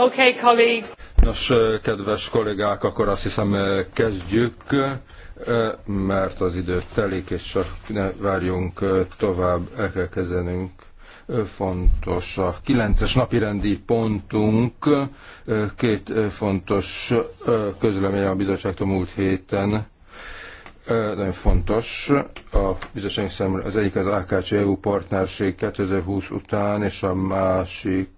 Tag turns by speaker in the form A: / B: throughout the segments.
A: Okay, colleagues.
B: Nos, kedves kollégák, akkor azt hiszem kezdjük, mert az idő telik, és csak ne várjunk tovább, el kell kezdenünk. Fontos a kilences napirendi pontunk, két fontos közlemény a bizottságtól múlt héten, nagyon fontos a bizottság számára. Az egyik az AKC EU partnerség 2020 után, és a másik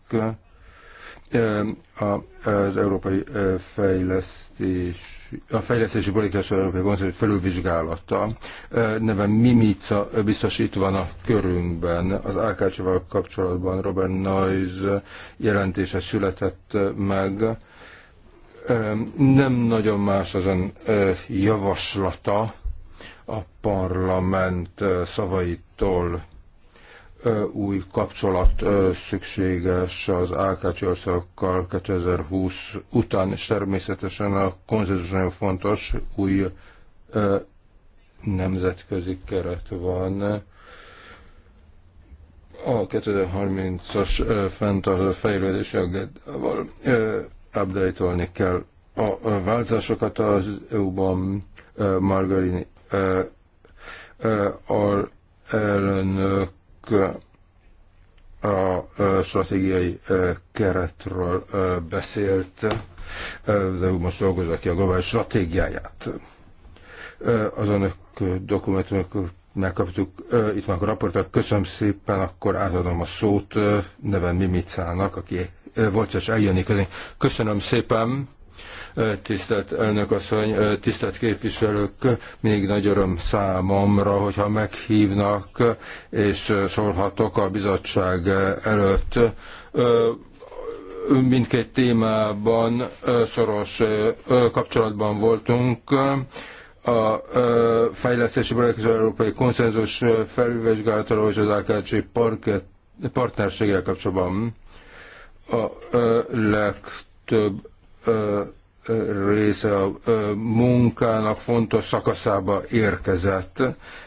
B: az európai fejlesztés a fejlesztési politikai európai konzervatív felülvizsgálata. Neve Mimica biztos itt van a körünkben. Az Ákácsival kapcsolatban Robert Noyce jelentése született meg. Nem nagyon más azon javaslata a parlament szavaitól új kapcsolat szükséges az AKC országokkal 2020 után, és természetesen a konzenzus nagyon fontos, új nemzetközi keret van. A 2030-as fenntartó fejlődési agendával update kell a változásokat az EU-ban Margarini elnök a stratégiai keretről beszélt, az EU most dolgozza ki a globális stratégiáját. Az önök dokumentumok megkaptuk, itt van a raport, köszönöm szépen, akkor átadom a szót neven Mimicának, aki volt és eljönni közénk. Köszönöm szépen, Tisztelt elnök asszony, tisztelt képviselők, még nagy öröm számomra, hogyha meghívnak és szólhatok a bizottság előtt mindkét témában szoros kapcsolatban voltunk. A fejlesztési projektek az európai konszenzus felülvizsgálatáról és az AKC partnerséggel kapcsolatban a legtöbb része a munkának fontos szakaszába érkezett,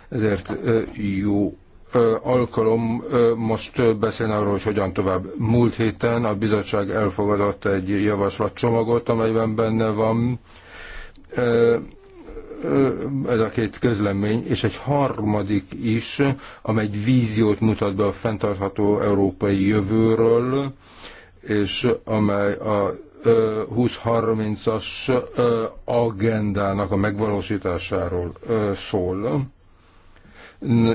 B: ezért jó alkalom most beszélni arról, hogy hogyan tovább. Múlt héten a bizottság elfogadott egy javaslatcsomagot, amelyben benne van ez a két közlemény, és egy harmadik is, amely egy víziót mutat be a fenntartható európai jövőről, és amely a 2030 as agendának a megvalósításáról szól.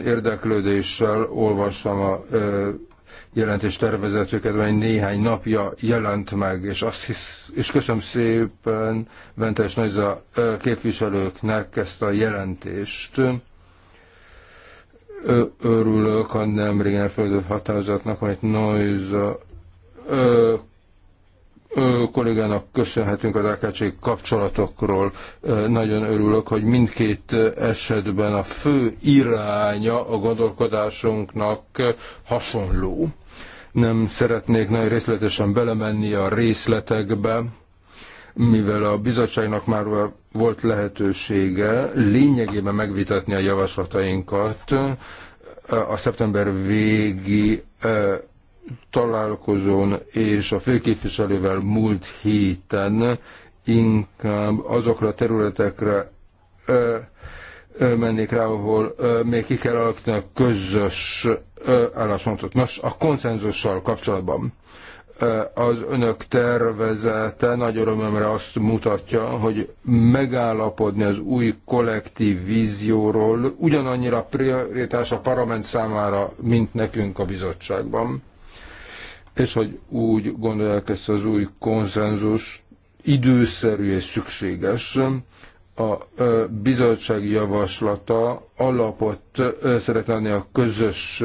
B: Érdeklődéssel olvassam a jelentés tervezetőket, mely néhány napja jelent meg, és, azt hisz, és köszönöm szépen Ventes Nagyza képviselőknek ezt a jelentést. Örülök a nemrég elfogadott határozatnak, amit Nagyza kollégának köszönhetünk az AKC kapcsolatokról. Nagyon örülök, hogy mindkét esetben a fő iránya a gondolkodásunknak hasonló. Nem szeretnék nagyon részletesen belemenni a részletekbe, mivel a bizottságnak már volt lehetősége lényegében megvitatni a javaslatainkat a szeptember végi találkozón és a főképviselővel múlt héten inkább azokra a területekre ö, ö, mennék rá, ahol ö, még ki kell alakítani a közös ö, álláspontot. Nos, a konszenzussal kapcsolatban ö, az önök tervezete nagy örömömre azt mutatja, hogy megállapodni az új kollektív vízióról ugyanannyira prioritás a parlament számára, mint nekünk a bizottságban és hogy úgy gondolják ezt az új konszenzus időszerű és szükséges, a bizottság javaslata alapot szeretne adni a közös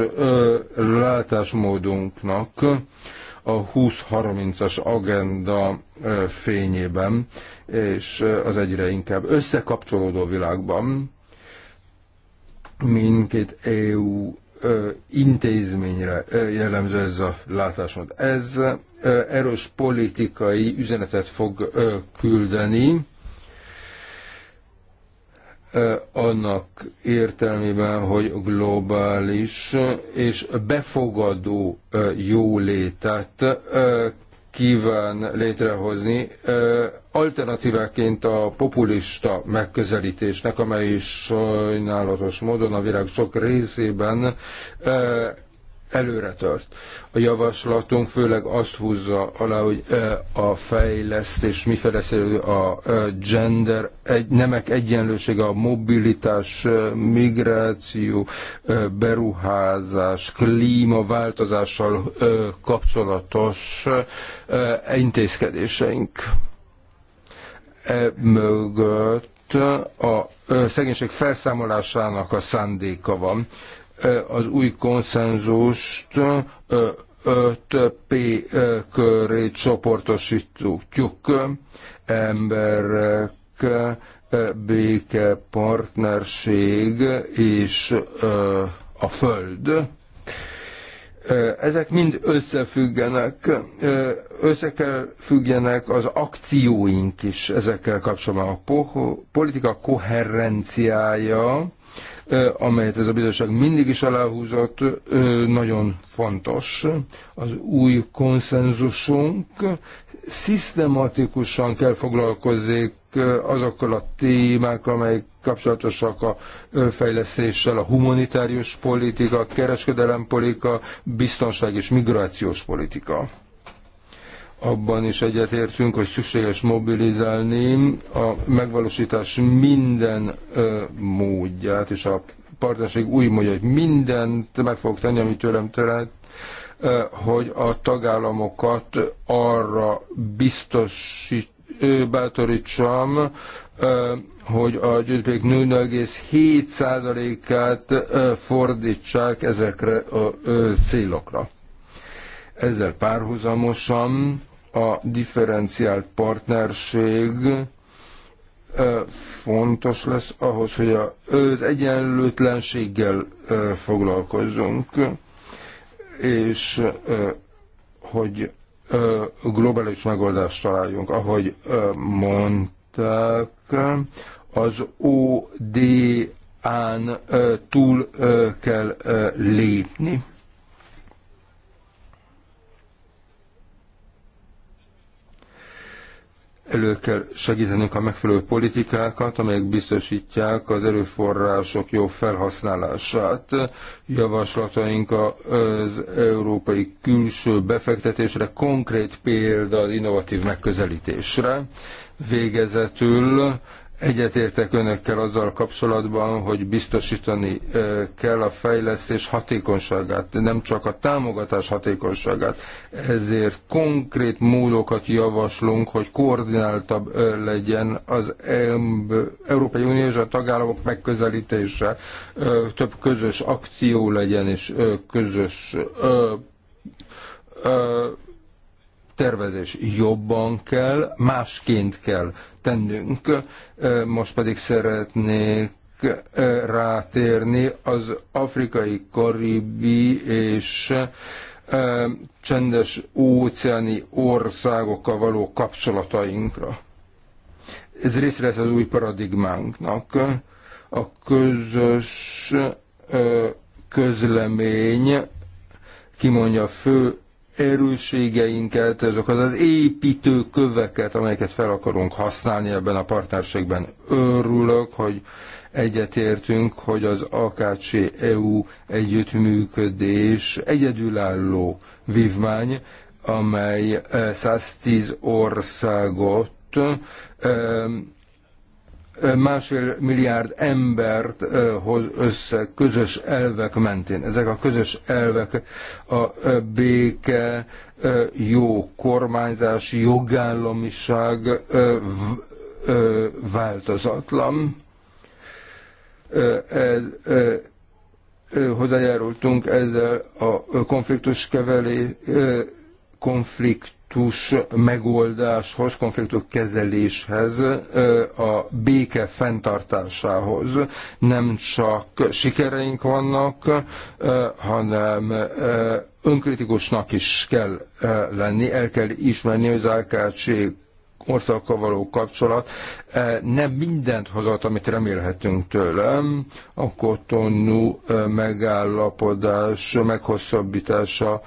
B: látásmódunknak a 20-30-as agenda fényében, és az egyre inkább összekapcsolódó világban mindkét EU ö, intézményre ö, jellemző ez a látásmód. Ez ö, erős politikai üzenetet fog ö, küldeni ö, annak értelmében, hogy globális és befogadó ö, jólétet ö, kíván létrehozni. Ö, alternatíváként a populista megközelítésnek, amely sajnálatos módon a világ sok részében előre tört. A javaslatunk főleg azt húzza alá, hogy a fejlesztés, mi fejlesztő a gender, egy, nemek egyenlősége, a mobilitás, migráció, beruházás, klímaváltozással kapcsolatos intézkedéseink e mögött a szegénység felszámolásának a szándéka van. E, az új konszenzust 5P köré csoportosítjuk. Emberek, béke, partnerség és a föld ezek mind összefüggenek, össze kell függjenek az akcióink is ezekkel kapcsolatban. A politika koherenciája, amelyet ez a bizottság mindig is aláhúzott, nagyon fontos. Az új konszenzusunk szisztematikusan kell foglalkozik azokkal a témákkal, amelyek kapcsolatosak a fejlesztéssel, a humanitárius politika, a politika, biztonság és migrációs politika abban is egyetértünk, hogy szükséges mobilizálni a megvalósítás minden módját, és a partnerség új módja, hogy mindent meg fog tenni, amit tőlem telet, hogy a tagállamokat arra biztosít, bátorítsam, hogy a GDP-k 0,7%-át fordítsák ezekre a célokra. Ezzel párhuzamosan a differenciált partnerség fontos lesz ahhoz, hogy az egyenlőtlenséggel foglalkozzunk, és hogy globális megoldást találjunk. Ahogy mondták, az oda n túl kell lépni elő kell segítenünk a megfelelő politikákat, amelyek biztosítják az erőforrások jó felhasználását. Javaslataink az európai külső befektetésre, konkrét példa az innovatív megközelítésre. Végezetül Egyetértek önökkel azzal kapcsolatban, hogy biztosítani kell a fejlesztés hatékonyságát, nem csak a támogatás hatékonyságát. Ezért konkrét módokat javaslunk, hogy koordináltabb legyen az Európai Unió és a tagállamok megközelítése, több közös akció legyen és közös tervezés jobban kell, másként kell tennünk. Most pedig szeretnék rátérni az afrikai, karibi és csendes óceáni országokkal való kapcsolatainkra. Ez része lesz az új paradigmánknak. A közös közlemény kimondja a fő erősségeinket, azokat az építő köveket, amelyeket fel akarunk használni ebben a partnerségben. Örülök, hogy egyetértünk, hogy az AKC EU együttműködés egyedülálló vívmány, amely 110 eh, országot eh, másfél milliárd embert hoz össze közös elvek mentén. Ezek a közös elvek a béke, jó kormányzás, jogállamiság változatlan. Ez, hozzájárultunk ezzel a konfliktus kevelé, konflikt konfliktus megoldáshoz, konfliktus kezeléshez, a béke fenntartásához. Nem csak sikereink vannak, hanem önkritikusnak is kell lenni, el kell ismerni, hogy az AKC országokkal való kapcsolat e, nem mindent hozott, amit remélhetünk tőlem. A kotonú e, megállapodás meghosszabbítása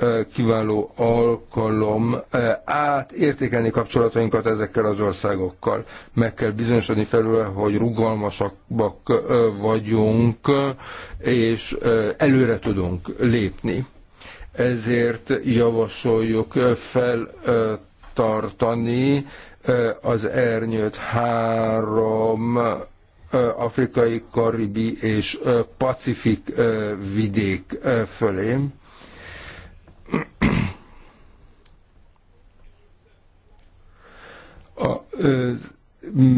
B: e, kiváló alkalom átértékelni kapcsolatainkat ezekkel az országokkal. Meg kell bizonyosodni felőle, hogy rugalmasabbak vagyunk, és előre tudunk lépni ezért javasoljuk fel tartani. Az ernyőt három afrikai, karibi és pacifik vidék fölé. A,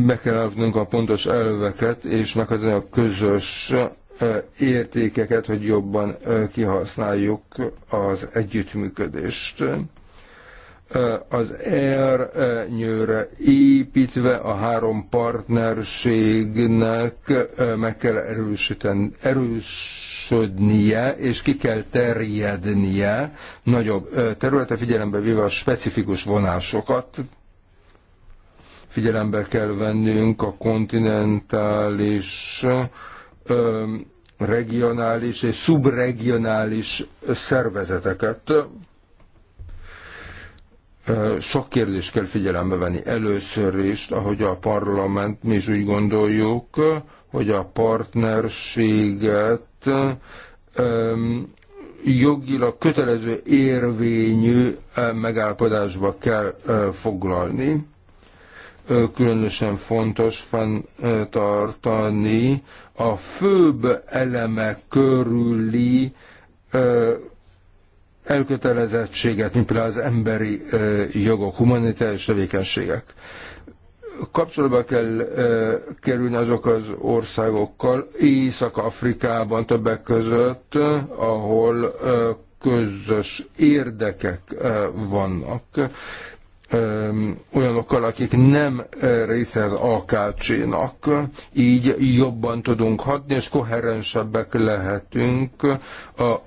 B: meg kell adnunk a pontos elveket, és meghatározni a közös értékeket, hogy jobban kihasználjuk az együttműködést az ernyőre építve a három partnerségnek meg kell erősíteni, erősödnie, és ki kell terjednie nagyobb területe, figyelembe véve a specifikus vonásokat, figyelembe kell vennünk a kontinentális, regionális és szubregionális szervezeteket, sok kérdést kell figyelembe venni. Először is, ahogy a parlament, mi is úgy gondoljuk, hogy a partnerséget jogilag kötelező érvényű megállapodásba kell foglalni. Különösen fontos fenntartani a főbb elemek körüli elkötelezettséget, mint például az emberi jogok, humanitárius tevékenységek. Kapcsolatba kell kerülni azok az országokkal, Észak-Afrikában többek között, ahol közös érdekek vannak olyanokkal, akik nem része az AKC-nak. Így jobban tudunk hatni, és koherensebbek lehetünk a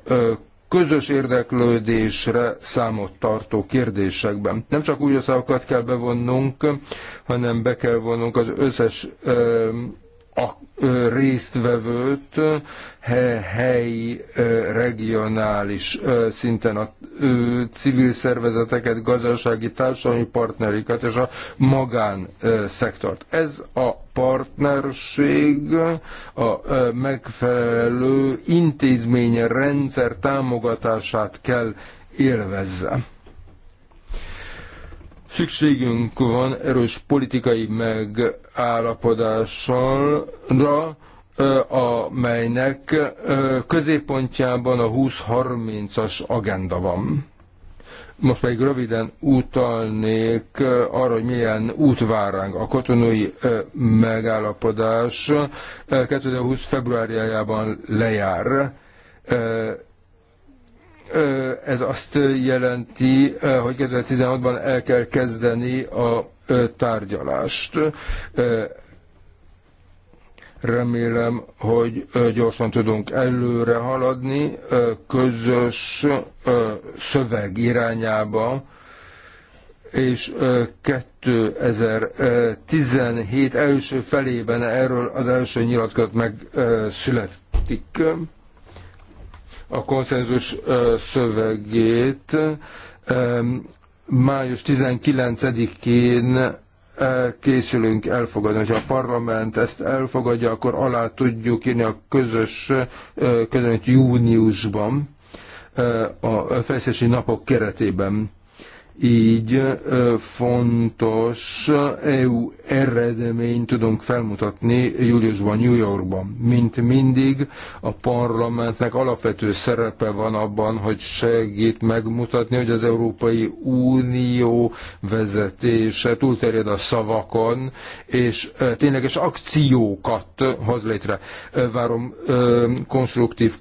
B: közös érdeklődésre számot tartó kérdésekben. Nem csak új országokat kell bevonnunk, hanem be kell vonnunk az összes a résztvevőt helyi, regionális szinten a civil szervezeteket, gazdasági, társadalmi partnerikat és a magánszektort. Ez a partnerség a megfelelő intézménye rendszer támogatását kell élvezze. Szükségünk van erős politikai megállapodásra, amelynek középpontjában a 20-30-as agenda van. Most pedig röviden utalnék arra, hogy milyen út vár ránk. A katonai megállapodás 2020. februárjában lejár ez azt jelenti, hogy 2016-ban el kell kezdeni a tárgyalást. Remélem, hogy gyorsan tudunk előre haladni közös szöveg irányába, és 2017 első felében erről az első nyilatkozat megszületik a konszenzus szövegét május 19-én készülünk elfogadni. Ha a parlament ezt elfogadja, akkor alá tudjuk írni a közös közönet júniusban a fejszési napok keretében. Így fontos EU eredményt tudunk felmutatni júliusban New Yorkban. Mint mindig a parlamentnek alapvető szerepe van abban, hogy segít megmutatni, hogy az Európai Unió vezetése túlterjed a szavakon, és tényleges akciókat hoz létre. Várom konstruktív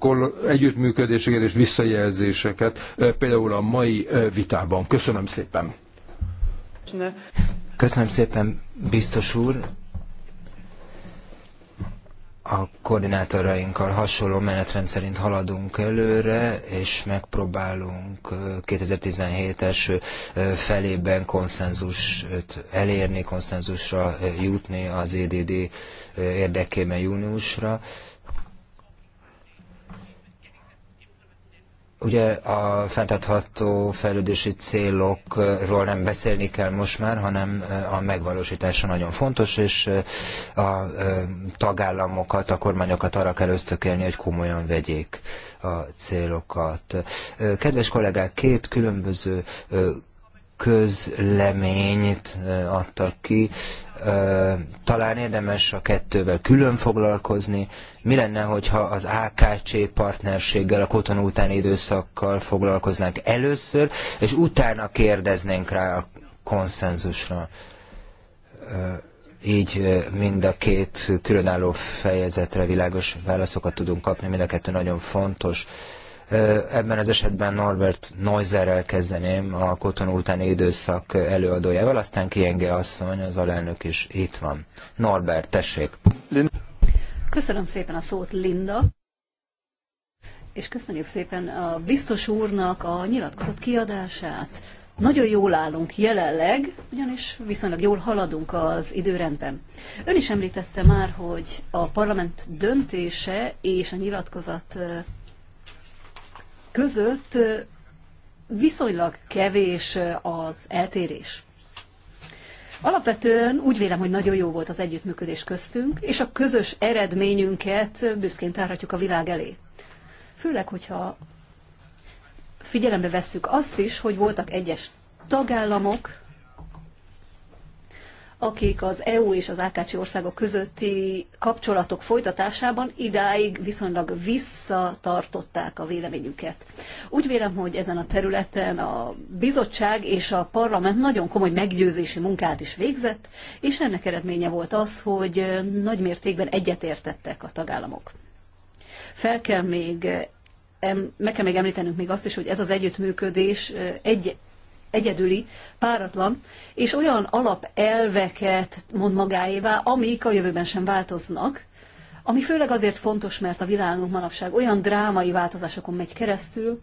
B: együttműködéseket és visszajelzéseket, például a mai vitában. Köszönöm szépen.
C: Köszönöm szépen, biztos úr. A koordinátorainkkal hasonló menetrend szerint haladunk előre, és megpróbálunk 2017 első felében konszenzust elérni, konszenzusra jutni az EDD érdekében júniusra Ugye a fenntartható fejlődési célokról nem beszélni kell most már, hanem eh, a megvalósítása nagyon fontos, és eh, a eh, tagállamokat, a kormányokat arra kell ösztökélni, hogy komolyan vegyék a célokat. Kedves kollégák, két különböző közleményt adtak ki talán érdemes a kettővel külön foglalkozni. Mi lenne, hogyha az AKC partnerséggel, a koton utáni időszakkal foglalkoznánk először, és utána kérdeznénk rá a konszenzusra. Így mind a két különálló fejezetre világos válaszokat tudunk kapni, mind a kettő nagyon fontos. Ebben az esetben Norbert Neuserrel kezdeném a Kotonó utáni időszak előadójával, aztán Kienge asszony, az alelnök is itt van. Norbert, tessék!
D: Köszönöm szépen a szót, Linda! És köszönjük szépen a biztos úrnak a nyilatkozat kiadását. Nagyon jól állunk jelenleg, ugyanis viszonylag jól haladunk az időrendben. Ön is említette már, hogy a parlament döntése és a nyilatkozat között viszonylag kevés az eltérés. Alapvetően úgy vélem, hogy nagyon jó volt az együttműködés köztünk, és a közös eredményünket büszkén tárhatjuk a világ elé. Főleg, hogyha figyelembe vesszük azt is, hogy voltak egyes tagállamok, akik az EU és az Ákácsi országok közötti kapcsolatok folytatásában idáig viszonylag visszatartották a véleményüket. Úgy vélem, hogy ezen a területen a bizottság és a parlament nagyon komoly meggyőzési munkát is végzett, és ennek eredménye volt az, hogy nagy mértékben egyetértettek a tagállamok. Fel kell még meg kell még említenünk még azt is, hogy ez az együttműködés eh, egy egyedüli, páratlan, és olyan alapelveket mond magáévá, amik a jövőben sem változnak, ami főleg azért fontos, mert a világunk manapság olyan drámai változásokon megy keresztül,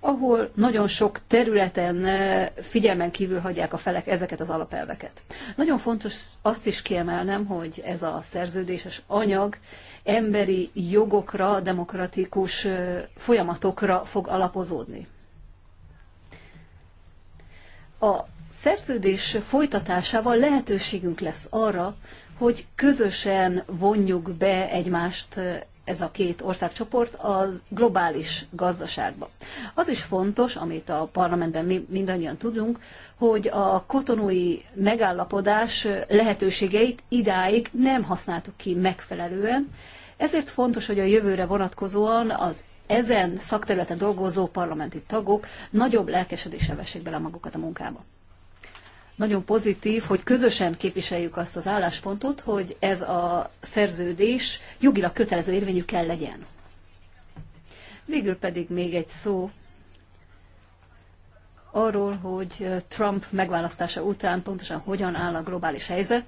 D: ahol nagyon sok területen eh, figyelmen kívül hagyják a felek ezeket az alapelveket. Nagyon fontos azt is kiemelnem, hogy ez a szerződéses anyag emberi jogokra, demokratikus eh, folyamatokra fog alapozódni. A szerződés folytatásával lehetőségünk lesz arra, hogy közösen vonjuk be egymást eh, ez a két országcsoport a globális gazdaságba. Az is fontos, amit a parlamentben mi mindannyian tudunk, hogy a kotonói megállapodás eh, lehetőségeit idáig nem használtuk ki megfelelően, ezért fontos, hogy a jövőre vonatkozóan az ezen szakterületen dolgozó parlamenti tagok nagyobb lelkesedéssel vessék bele magukat a munkába. Nagyon pozitív, hogy közösen képviseljük azt az álláspontot, hogy ez a szerződés jogilag kötelező érvényű kell legyen. Végül pedig még egy szó arról, hogy Trump megválasztása után pontosan hogyan áll a globális helyzet.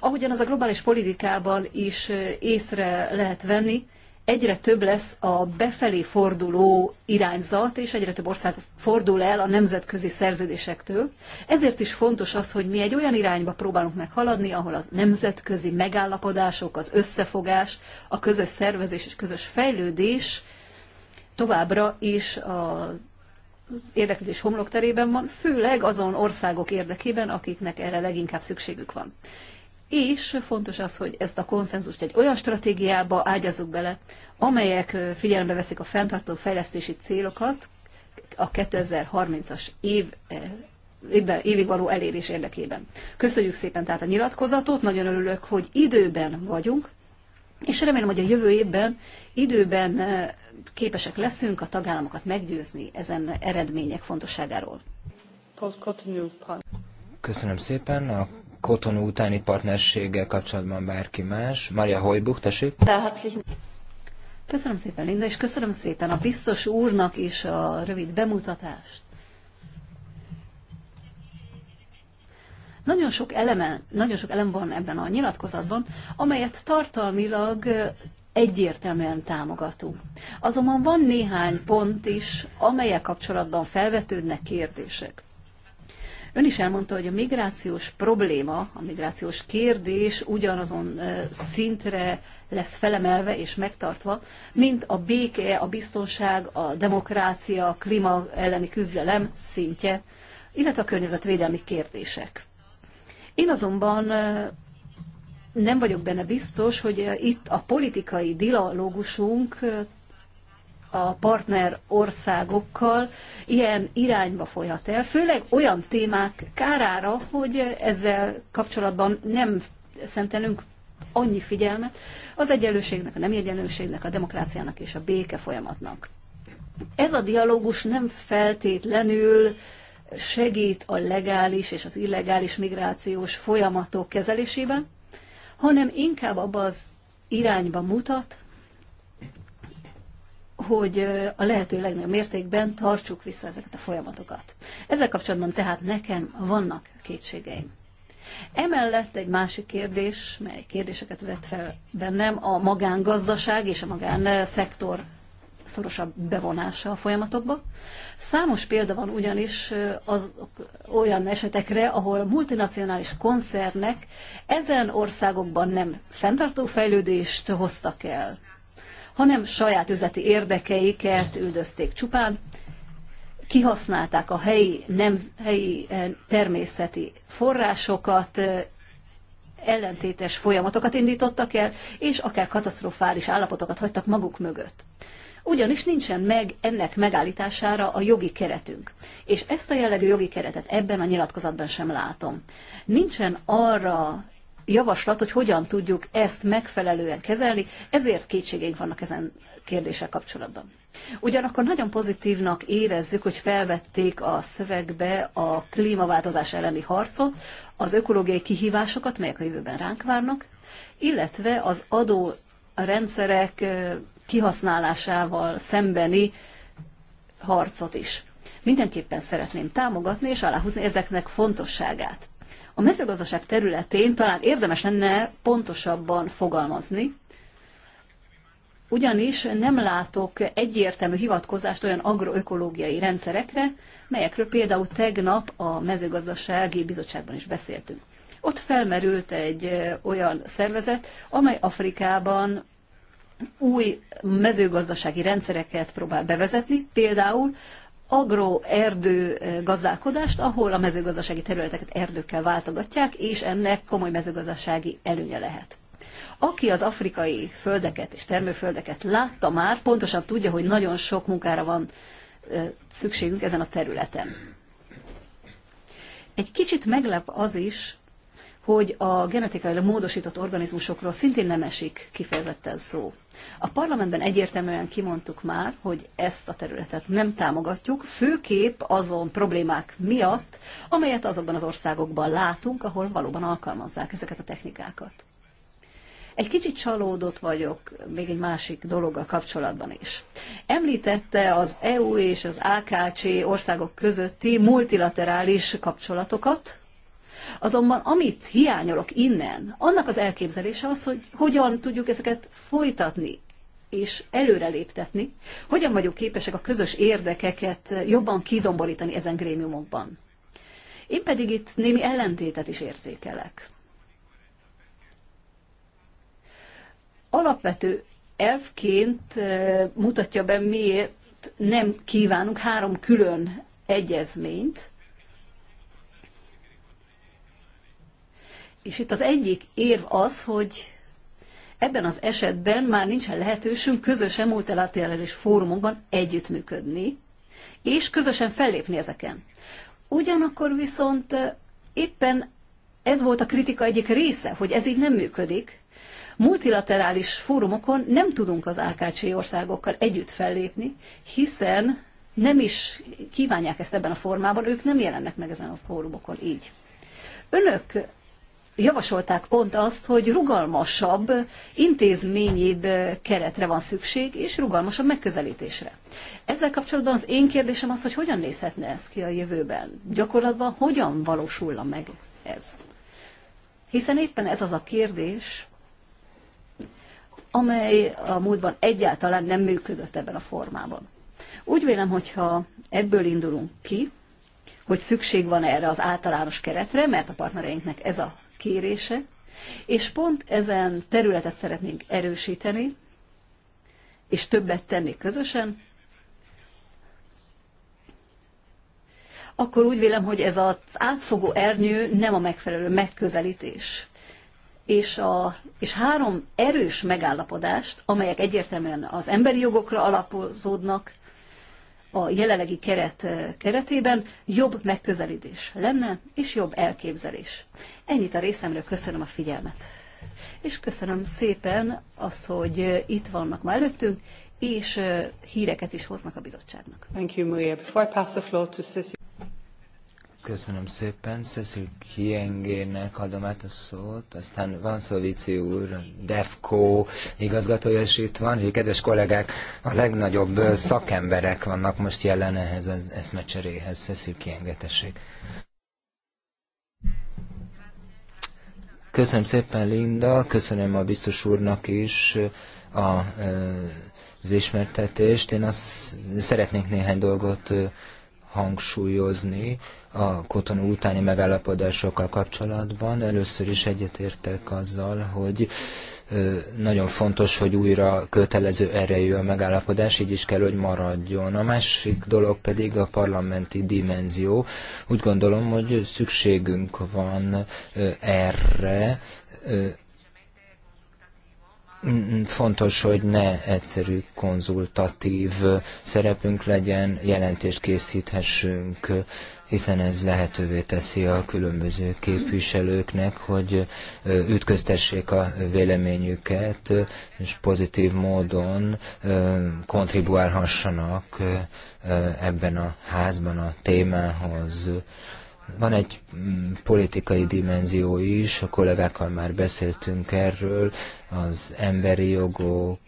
D: Ahogyan az a globális politikában is észre lehet venni, egyre több lesz a befelé forduló irányzat, és egyre több ország fordul el a nemzetközi szerződésektől. Ezért is fontos az, hogy mi egy olyan irányba próbálunk meghaladni, ahol a nemzetközi megállapodások, az összefogás, a közös szervezés és közös fejlődés továbbra is a az érdeklődés homlokterében van, főleg azon országok érdekében, akiknek erre leginkább szükségük van és fontos az, hogy ezt a konszenzust egy olyan stratégiába ágyazunk bele, amelyek figyelembe veszik a fenntartó fejlesztési célokat a 2030-as év évig való elérés érdekében. Köszönjük szépen tehát a nyilatkozatot, nagyon örülök, hogy időben vagyunk, és remélem, hogy a jövő évben időben képesek leszünk a tagállamokat meggyőzni ezen eredmények fontosságáról.
C: Köszönöm szépen. A kotonú utáni partnerséggel kapcsolatban bárki más. Maria Hojbuk, tessék.
D: Hát köszönöm szépen, Linda, és köszönöm szépen a biztos úrnak is a rövid bemutatást. Nagyon sok, eleme, nagyon sok elem van ebben a nyilatkozatban, amelyet tartalmilag egyértelműen támogatunk. Azonban van néhány pont is, amelyek kapcsolatban felvetődnek kérdések. Ön is elmondta, hogy a migrációs probléma, a migrációs kérdés ugyanazon szintre lesz felemelve és megtartva, mint a béke, a biztonság, a demokrácia, a klíma elleni küzdelem szintje, illetve a környezetvédelmi kérdések. Én azonban nem vagyok benne biztos, hogy itt a politikai dialógusunk a partner országokkal ilyen irányba folyhat el, főleg olyan témák kárára, hogy ezzel kapcsolatban nem szentelünk annyi figyelmet az egyenlőségnek, a nem egyenlőségnek, a demokráciának és a béke folyamatnak. Ez a dialógus nem feltétlenül segít a legális és az illegális migrációs folyamatok kezelésében, hanem inkább abba az irányba mutat, hogy a lehető legnagyobb mértékben tartsuk vissza ezeket a folyamatokat. Ezzel kapcsolatban tehát nekem vannak kétségeim. Emellett egy másik kérdés, mely kérdéseket vett fel bennem, a magángazdaság és a magánszektor szorosabb bevonása a folyamatokba. Számos példa van ugyanis az olyan esetekre, ahol multinacionális koncernek ezen országokban nem fenntartó fejlődést hoztak el, hanem saját üzleti érdekeiket üldözték csupán, kihasználták a helyi, nem, helyi eh, természeti forrásokat, eh, ellentétes folyamatokat indítottak el, és akár katasztrofális állapotokat hagytak maguk mögött. Ugyanis nincsen meg ennek megállítására a jogi keretünk. És ezt a jellegű jogi keretet ebben a nyilatkozatban sem látom. Nincsen arra javaslat, hogy hogyan tudjuk ezt megfelelően kezelni, ezért kétségeink vannak ezen kérdéssel kapcsolatban. Ugyanakkor nagyon pozitívnak érezzük, hogy felvették a szövegbe a klímaváltozás elleni harcot, az ökológiai kihívásokat, melyek a jövőben ránk várnak, illetve az adó rendszerek kihasználásával szembeni harcot is. Mindenképpen szeretném támogatni és aláhúzni ezeknek fontosságát. A mezőgazdaság területén talán érdemes lenne pontosabban fogalmazni, ugyanis nem látok egyértelmű hivatkozást olyan agroökológiai rendszerekre, melyekről például tegnap a mezőgazdasági bizottságban is beszéltünk. Ott felmerült egy olyan szervezet, amely Afrikában új mezőgazdasági rendszereket próbál bevezetni, például agroerdő eh, gazdálkodást, ahol a mezőgazdasági területeket erdőkkel váltogatják, és ennek komoly mezőgazdasági előnye lehet. Aki az afrikai földeket és termőföldeket látta már, pontosan tudja, hogy nagyon sok munkára van eh, szükségünk ezen a területen. Egy kicsit meglep az is, hogy a genetikailag módosított organizmusokról szintén nem esik kifejezetten szó. A parlamentben egyértelműen kimondtuk már, hogy ezt a területet nem támogatjuk, főképp azon problémák miatt, amelyet azokban az országokban látunk, ahol valóban alkalmazzák ezeket a technikákat. Egy kicsit csalódott vagyok még egy másik dologgal kapcsolatban is. Említette az EU és az AKC országok közötti multilaterális kapcsolatokat, Azonban amit hiányolok innen, annak az elképzelése az, hogy hogyan tudjuk ezeket folytatni és előreléptetni, hogyan vagyunk képesek a közös érdekeket jobban kidomborítani ezen grémiumokban. Én pedig itt némi ellentétet is érzékelek. Alapvető elfként mutatja be, miért nem kívánunk három külön egyezményt, És itt az egyik érv az, hogy ebben az esetben már nincsen lehetősünk közösen multilaterális fórumokban együttműködni, és közösen fellépni ezeken. Ugyanakkor viszont eh, éppen ez volt a kritika egyik része, hogy ez így nem működik. Multilaterális fórumokon nem tudunk az AKC országokkal együtt fellépni, hiszen nem is kívánják ezt ebben a formában, ők nem jelennek meg ezen a fórumokon így. Önök javasolták pont azt, hogy rugalmasabb, intézményibb keretre van szükség, és rugalmasabb megközelítésre. Ezzel kapcsolatban az én kérdésem az, hogy hogyan nézhetne ez ki a jövőben? Gyakorlatban hogyan valósulna meg ez? Hiszen éppen ez az a kérdés, amely a múltban egyáltalán nem működött ebben a formában. Úgy vélem, hogyha ebből indulunk ki, hogy szükség van erre az általános keretre, mert a partnereinknek ez a kérése, és pont ezen területet szeretnénk erősíteni, és többet tenni közösen, akkor úgy vélem, hogy ez az átfogó ernyő nem a megfelelő megközelítés. És, a, és három erős megállapodást, amelyek egyértelműen az emberi jogokra alapozódnak, a jelenlegi keret eh, keretében jobb megközelítés lenne, és jobb elképzelés. Ennyit a részemről, köszönöm a figyelmet. És köszönöm szépen azt, hogy eh, itt vannak ma előttünk, és eh, híreket is hoznak a bizottságnak. Thank you, Maria. Before I pass the floor to Cecilia.
C: Köszönöm szépen. Cecil Kiengének adom át a szót, aztán van Szovici úr, DEFCO igazgatója is itt van, kedves kollégák, a legnagyobb szakemberek vannak most jelen ehhez az eszmecseréhez. Cecil Kiengetesség. Köszönöm szépen, Linda, köszönöm a biztos úrnak is a, az ismertetést. Én azt szeretnék néhány dolgot hangsúlyozni a kotonú utáni megállapodásokkal kapcsolatban. Először is egyetértek azzal, hogy nagyon fontos, hogy újra kötelező erejű a megállapodás, így is kell, hogy maradjon. A másik dolog pedig a parlamenti dimenzió. Úgy gondolom, hogy szükségünk van erre, Mm, mm, fontos, hogy ne egyszerű konzultatív szerepünk legyen, jelentést készíthessünk, hiszen ez lehetővé teszi a különböző képviselőknek, hogy ütköztessék a véleményüket, és pozitív módon kontribuálhassanak ebben a házban a témához. Van egy mm, politikai dimenzió is, a kollégákkal már beszéltünk erről, az emberi jogok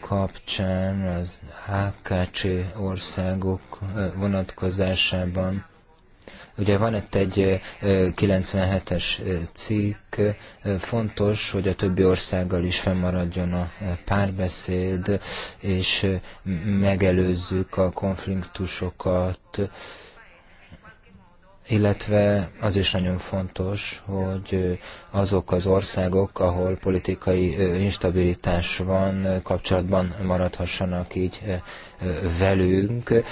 C: kapcsán, az AKC országok vonatkozásában. Ugye van itt egy 97-es cikk, fontos, hogy a többi országgal is fennmaradjon a párbeszéd, és megelőzzük a konfliktusokat, illetve az is nagyon fontos, hogy azok az országok, ahol politikai instabilitás van, kapcsolatban maradhassanak így velünk.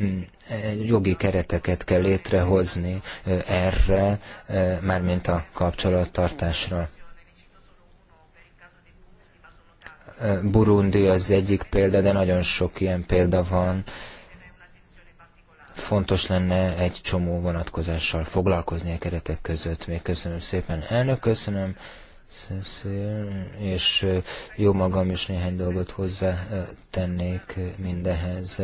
C: Mm, jogi kereteket kell létrehozni erre, mármint a kapcsolattartásra. Burundi az egyik példa, de nagyon sok ilyen példa van fontos lenne egy csomó vonatkozással foglalkozni a keretek között. Még köszönöm szépen, elnök, köszönöm, és jó magam is néhány dolgot hozzá tennék mindehez.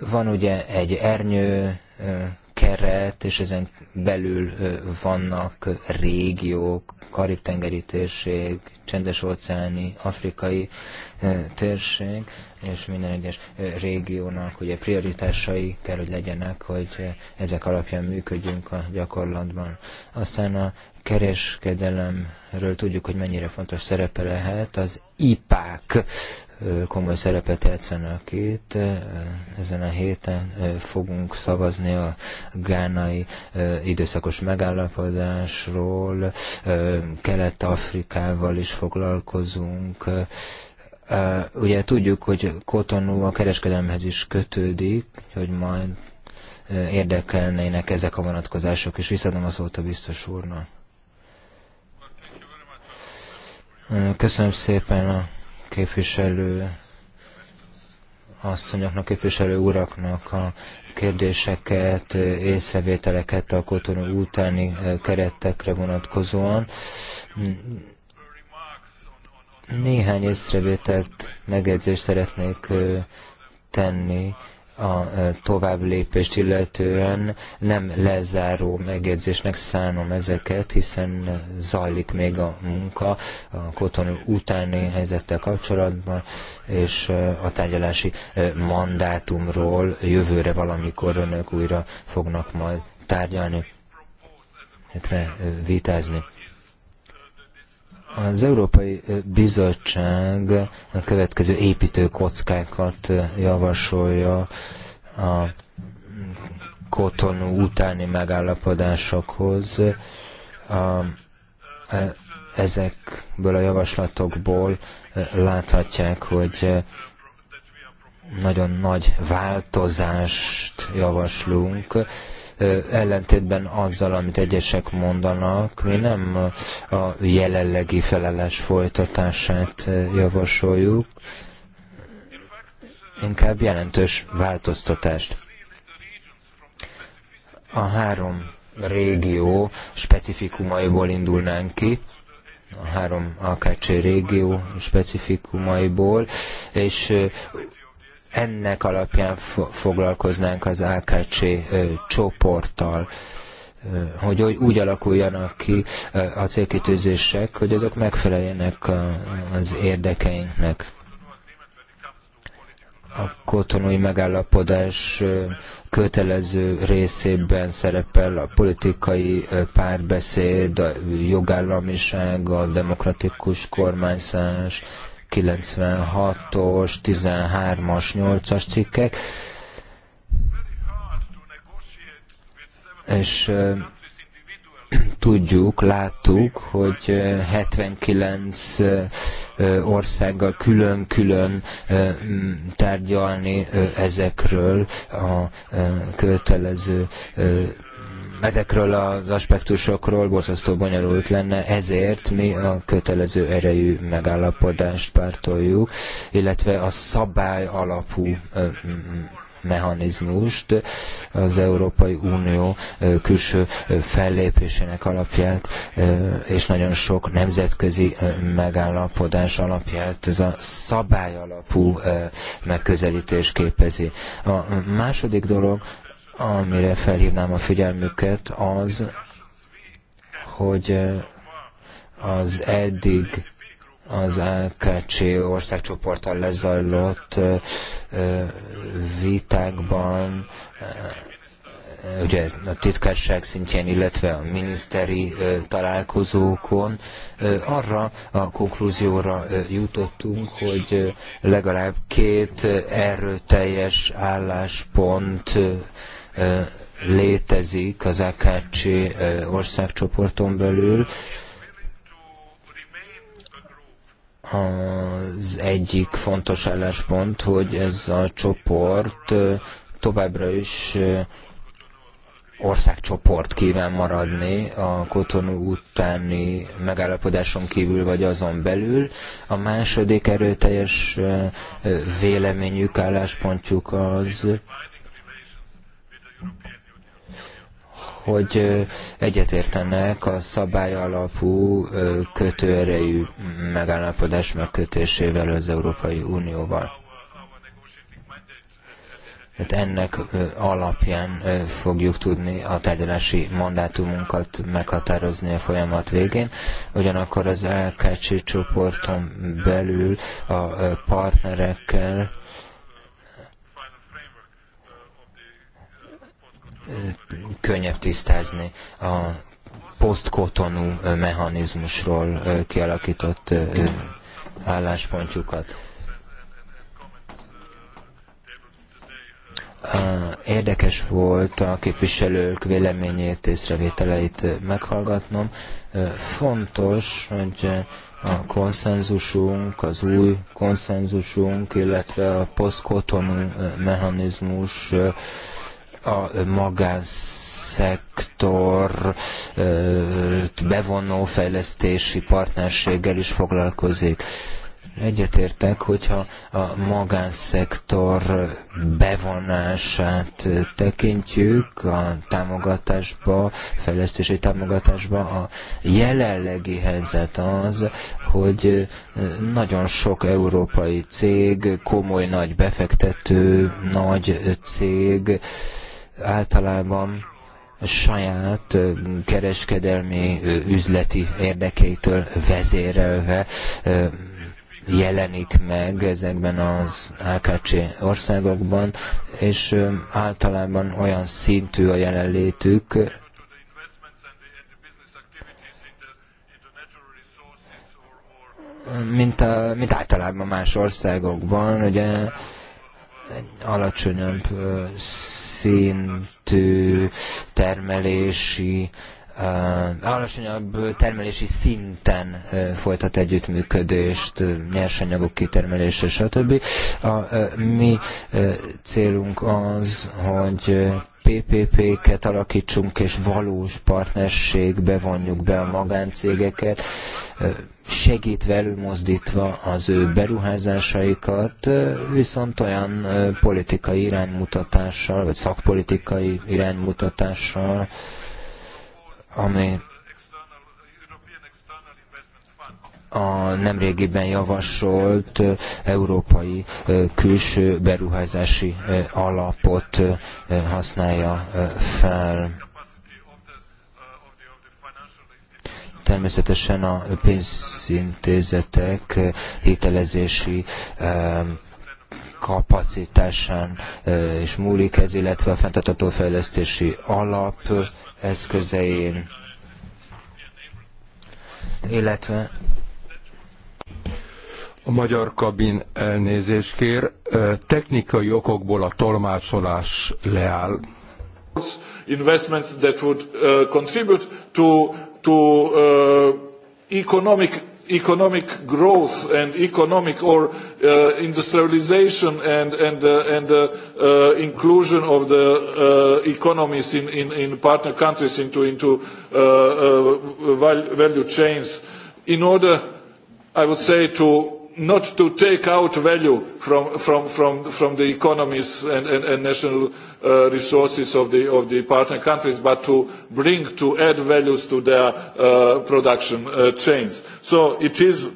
C: Van ugye egy ernyő, keret, és ezen belül vannak régiók, karib-tengeri térség, csendes-óceáni, afrikai térség, és minden egyes régiónak ugye prioritásai kell, hogy legyenek, hogy ezek alapján működjünk a gyakorlatban. Aztán a kereskedelemről tudjuk, hogy mennyire fontos szerepe lehet az IPÁK komoly szerepet játszanak itt. Ezen a héten fogunk szavazni a gánai időszakos megállapodásról, Kelet-Afrikával is foglalkozunk, ugye tudjuk, hogy Kotonó a kereskedelemhez is kötődik, hogy majd érdekelnének ezek a vonatkozások, és visszadom a szót a biztos úrnak. Köszönöm szépen a képviselő asszonyoknak, képviselő uraknak a kérdéseket, észrevételeket a kotonú utáni eh, keretekre vonatkozóan. Néhány észrevételt, megjegyzést szeretnék eh, tenni a e, tovább lépést illetően nem lezáró megjegyzésnek szánom ezeket, hiszen zajlik még a munka a kotonú utáni helyzettel kapcsolatban, és e, a tárgyalási e, mandátumról jövőre valamikor önök újra fognak majd tárgyalni, illetve vitázni. Az Európai Bizottság a következő építőkockákat javasolja a kotonú utáni megállapodásokhoz. A, ezekből a javaslatokból láthatják, hogy nagyon nagy változást javaslunk, ellentétben azzal, amit egyesek mondanak, mi nem a jelenlegi felelés folytatását javasoljuk, inkább jelentős változtatást. A három régió specifikumaiból indulnánk ki, a három AKC régió specifikumaiból, és ennek alapján fo- foglalkoznánk az AKC csoporttal hogy úgy alakuljanak ki a célkitűzések, hogy azok megfeleljenek az érdekeinknek. A kotonói megállapodás kötelező részében szerepel a politikai párbeszéd, a jogállamiság, a demokratikus kormányzás, 96-os, 13-as, 8-as cikkek, és tudjuk, láttuk, hogy 79 országgal külön-külön tárgyalni ezekről a kötelező ezekről az aspektusokról borzasztó bonyolult lenne, ezért mi a kötelező erejű megállapodást pártoljuk, illetve a szabály alapú mechanizmust, az Európai Unió külső fellépésének alapját, és nagyon sok nemzetközi megállapodás alapját ez a szabályalapú megközelítés képezi. A második dolog, amire felhívnám a figyelmüket, az, hogy eh, az eddig az AKC országcsoporttal lezajlott eh, eh, vitákban ugye a titkárság szintjén, illetve a miniszteri találkozókon arra a konklúzióra jutottunk, hogy legalább két erőteljes álláspont létezik az AKC országcsoporton belül. Az egyik fontos álláspont, hogy ez a csoport továbbra is országcsoport kíván maradni a Kotonú utáni megállapodáson kívül vagy azon belül. A második erőteljes véleményük, álláspontjuk az, hogy egyetértenek a szabály alapú kötőerejű megállapodás megkötésével az Európai Unióval. Tehát ennek alapján fogjuk tudni a tárgyalási mandátumunkat meghatározni a folyamat végén. Ugyanakkor az LKC csoporton belül a partnerekkel könnyebb tisztázni a posztkotonú mechanizmusról kialakított álláspontjukat. Érdekes volt a képviselők véleményét, észrevételeit meghallgatnom. Fontos, hogy a konszenzusunk, az új konszenzusunk, illetve a posztkotonú mechanizmus a magánszektort bevonó fejlesztési partnerséggel is foglalkozik egyetértek, hogyha a magánszektor bevonását tekintjük a támogatásba, fejlesztési támogatásba, a jelenlegi helyzet az, hogy nagyon sok európai cég, komoly nagy befektető, nagy cég, általában a saját kereskedelmi, üzleti érdekeitől vezérelve jelenik meg ezekben az AKC országokban, és általában olyan szintű a jelenlétük, mint, a, mint általában más országokban, ugye alacsonyabb szintű termelési alacsonyabb termelési szinten folytat együttműködést, nyersanyagok kitermelése, stb. A mi célunk az, hogy PPP-ket alakítsunk, és valós partnerségbe vonjuk be a magáncégeket, segítve előmozdítva az ő beruházásaikat, viszont olyan politikai iránymutatással, vagy szakpolitikai iránymutatással, ami a nemrégiben javasolt európai külső beruházási alapot használja fel. Természetesen a pénzintézetek hitelezési kapacitásán is múlik ez, illetve a fenntartható fejlesztési alap eszközein, illetve
B: a magyar kabin elnézést kér, technikai okokból a tolmácsolás leáll.
E: Investments that would uh, contribute to, to uh, economic economic growth and economic or uh, industrialization and and uh, and uh, uh, inclusion of the uh, economies in, in, in partner countries into into uh, uh, value chains in order I would say to not to take out value from, from, from, from the economies and, and, and national uh, resources of the, of the partner countries, but to bring, to add values to their uh, production uh, chains. So it is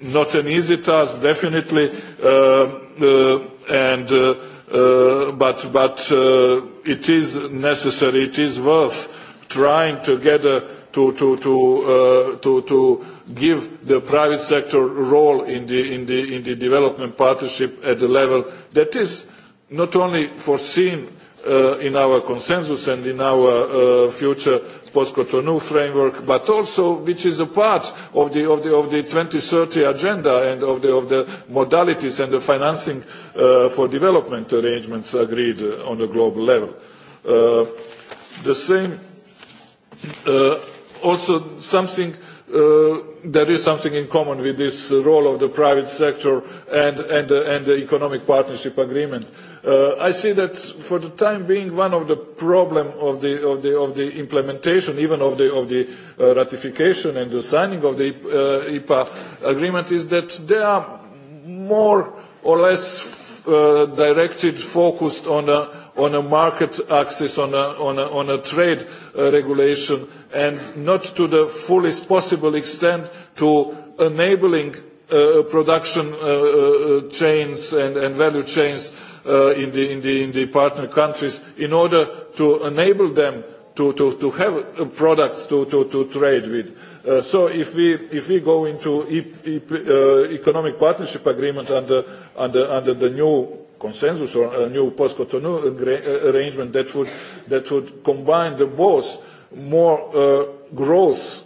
E: not an easy task, definitely, uh, uh, and, uh, uh, but, but uh, it is necessary, it is worth trying together to to to uh, to to give the private sector role in the in the in the development partnership at the level that is not only foreseen uh, in our consensus and in our uh, future post-Cotonou framework, but also which is a part of the, of the, of the 2030 agenda and of the, of the modalities and the financing uh, for development arrangements agreed uh, on the global level. Uh, the same uh, also something uh, there is something in common with this role of the private sector and, and, uh, and the economic partnership agreement. Uh, I see that for the time being, one of the problem of the, of the, of the implementation, even of the, of the uh, ratification and the signing of the uh, IPA agreement is that they are more or less uh, directed, focused on uh, on a market access, on a, on a, on a trade uh, regulation, and not to the fullest possible extent to enabling uh, uh production uh, uh, uh, chains and, and value chains uh, in, the, in, the, in the partner countries in order to enable them to, to, to have products to, to, to trade with. Uh, so if we if we go into e, e, uh, economic partnership agreement under under under the new consensus or a new post-Cotonou uh, arrangement that would, that would combine the both more uh, growth,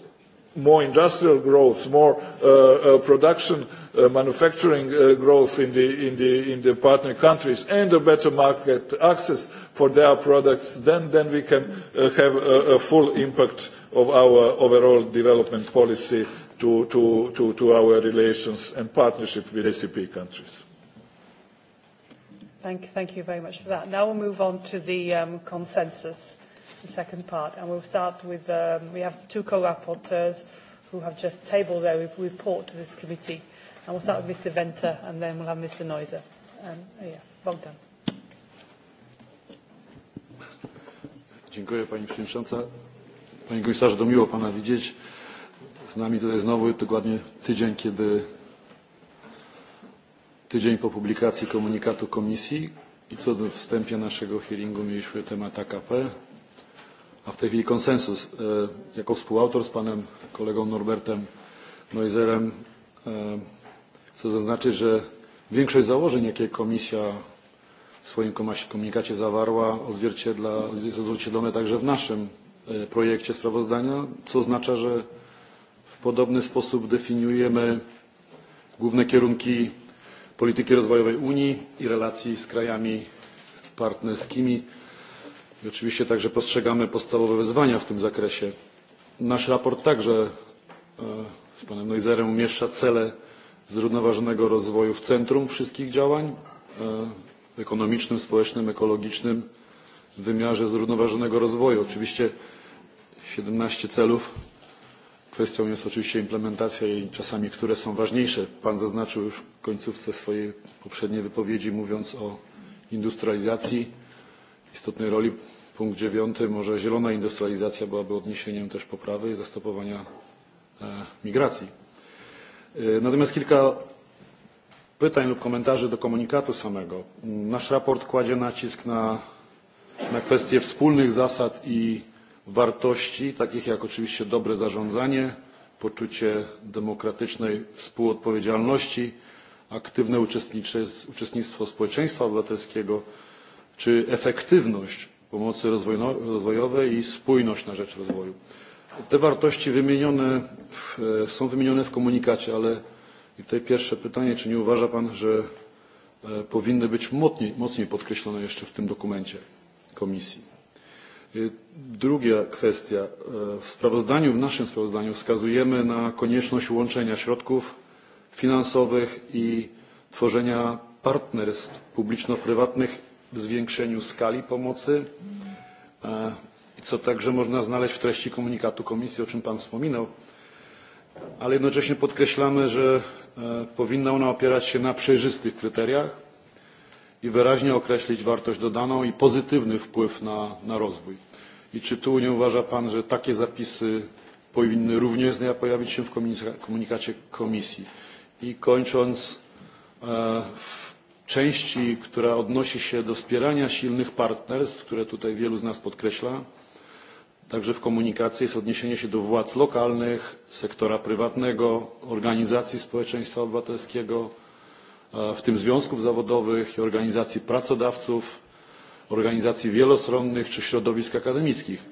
E: more industrial growth, more uh, uh, production, uh, manufacturing uh, growth in the, in, the, in the partner countries and a better market access for their products, then, then we can uh, have a, a full impact of our overall development policy to, to, to, to our relations and partnership with ACP countries.
A: Thank, thank you very much for that. Now we'll move on to the um, consensus, the second part, and we'll start with, um, we have two co-rapporteurs who have just tabled their report to this committee. And we'll start with Mr. Venter, and then we'll have Mr. Neuser. Um, oh yeah, Bogdan.
F: Dziękuję Pani Przewodnicząca. Panie Komisarzu, to miło Pana widzieć. Z nami tutaj znowu dokładnie tydzień, kiedy Tydzień po publikacji komunikatu Komisji i co do wstępia naszego hearingu mieliśmy temat AKP, a w tej chwili konsensus. E, jako współautor z panem kolegą Norbertem Neuserem e, chcę zaznaczyć, że większość założeń, jakie Komisja w swoim komunikacie zawarła, odzwierciedla, jest odzwierciedlone także w naszym e, projekcie sprawozdania, co oznacza, że w podobny sposób definiujemy główne kierunki polityki rozwojowej Unii i relacji z krajami partnerskimi. I oczywiście także postrzegamy podstawowe wyzwania w tym zakresie. Nasz raport także e, z panem Neuserem umieszcza cele zrównoważonego rozwoju w centrum wszystkich działań e, w ekonomicznym, społecznym, ekologicznym wymiarze zrównoważonego rozwoju. Oczywiście 17 celów Kwestią jest oczywiście implementacja i czasami które są ważniejsze. Pan zaznaczył już w końcówce swojej poprzedniej wypowiedzi, mówiąc o industrializacji, istotnej roli punkt dziewiąty, może zielona industrializacja byłaby odniesieniem też poprawy i zastopowania e, migracji. E, natomiast kilka pytań lub komentarzy do komunikatu samego. Nasz raport kładzie nacisk na, na kwestie wspólnych zasad i wartości, takich jak oczywiście dobre zarządzanie, poczucie demokratycznej współodpowiedzialności, aktywne uczestnictwo społeczeństwa obywatelskiego czy efektywność pomocy rozwojowej i spójność na rzecz rozwoju. Te wartości wymienione w, e, są wymienione w komunikacie, ale i tutaj pierwsze pytanie, czy nie uważa Pan, że e, powinny być mocniej, mocniej podkreślone jeszcze w tym dokumencie Komisji? Druga kwestia. W sprawozdaniu, w naszym sprawozdaniu wskazujemy na konieczność łączenia środków finansowych i tworzenia partnerstw publiczno-prywatnych w zwiększeniu skali pomocy, co także można znaleźć w treści komunikatu Komisji, o czym Pan wspominał, ale jednocześnie podkreślamy, że powinna ona opierać się na przejrzystych kryteriach, i wyraźnie określić wartość dodaną i pozytywny wpływ na, na rozwój. I czy tu nie uważa Pan, że takie zapisy powinny również pojawić się w komunikacie Komisji? I kończąc, e, w części, która odnosi się do wspierania silnych partnerstw, które tutaj wielu z nas podkreśla, Także w komunikacji jest odniesienie się do władz lokalnych, sektora prywatnego, organizacji społeczeństwa obywatelskiego, w tym związków zawodowych, i organizacji pracodawców, organizacji wielostronnych czy środowisk akademickich.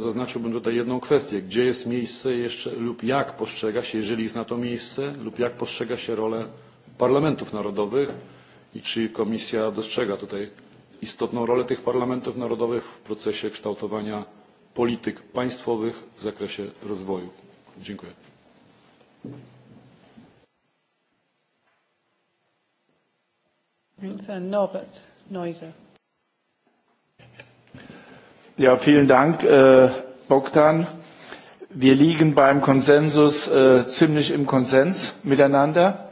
F: E, zaznaczyłbym tutaj jedną kwestię. Gdzie jest miejsce jeszcze lub jak postrzega się, jeżeli jest na to miejsce, lub jak postrzega się rolę parlamentów narodowych i czy komisja dostrzega tutaj istotną rolę tych parlamentów narodowych w procesie kształtowania polityk państwowych w zakresie rozwoju. Dziękuję.
A: Van Norbert Neuser.
G: Ja, vielen Dank, äh, Bogdan. Wir liegen beim Konsensus äh, ziemlich im Konsens miteinander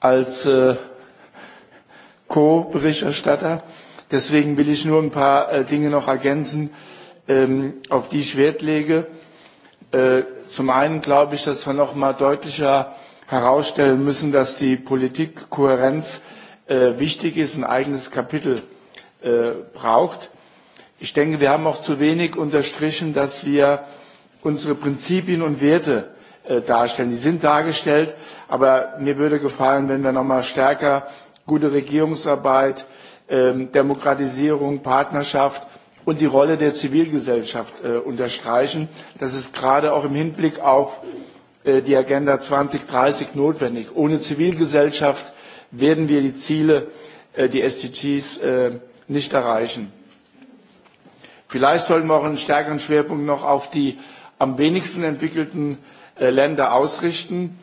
G: als äh, Co-Berichterstatter. Deswegen will ich nur ein paar äh, Dinge noch ergänzen, ähm, auf die ich Wert lege. Äh, zum einen glaube ich, dass wir noch mal deutlicher herausstellen müssen, dass die Politikkohärenz äh, äh, wichtig ist, ein eigenes Kapitel äh, braucht. Ich denke, wir haben auch zu wenig unterstrichen, dass wir unsere Prinzipien und Werte äh, darstellen. Die sind dargestellt, aber mir würde gefallen, wenn wir nochmal stärker gute Regierungsarbeit, ähm, Demokratisierung, Partnerschaft und die Rolle der Zivilgesellschaft äh, unterstreichen. Das ist gerade auch im Hinblick auf äh, die Agenda 2030 notwendig. Ohne Zivilgesellschaft werden wir die Ziele, äh, die SDGs, äh, nicht erreichen. Vielleicht sollten wir auch einen stärkeren Schwerpunkt noch auf die am wenigsten entwickelten äh, Länder ausrichten.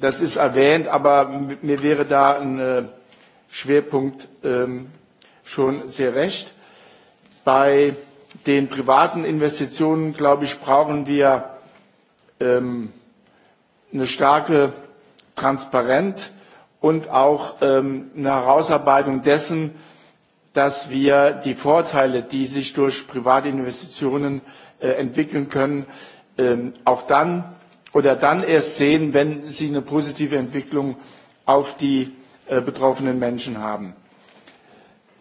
G: Das ist erwähnt, aber mir wäre da ein Schwerpunkt ähm, schon sehr recht. Bei den privaten Investitionen, glaube ich, brauchen wir ähm, eine starke Transparenz und auch ähm, eine Herausarbeitung dessen, dass wir die Vorteile, die sich durch private Investitionen äh, entwickeln können, ähm, auch dann oder dann erst sehen, wenn sie eine positive Entwicklung auf die äh, betroffenen Menschen haben.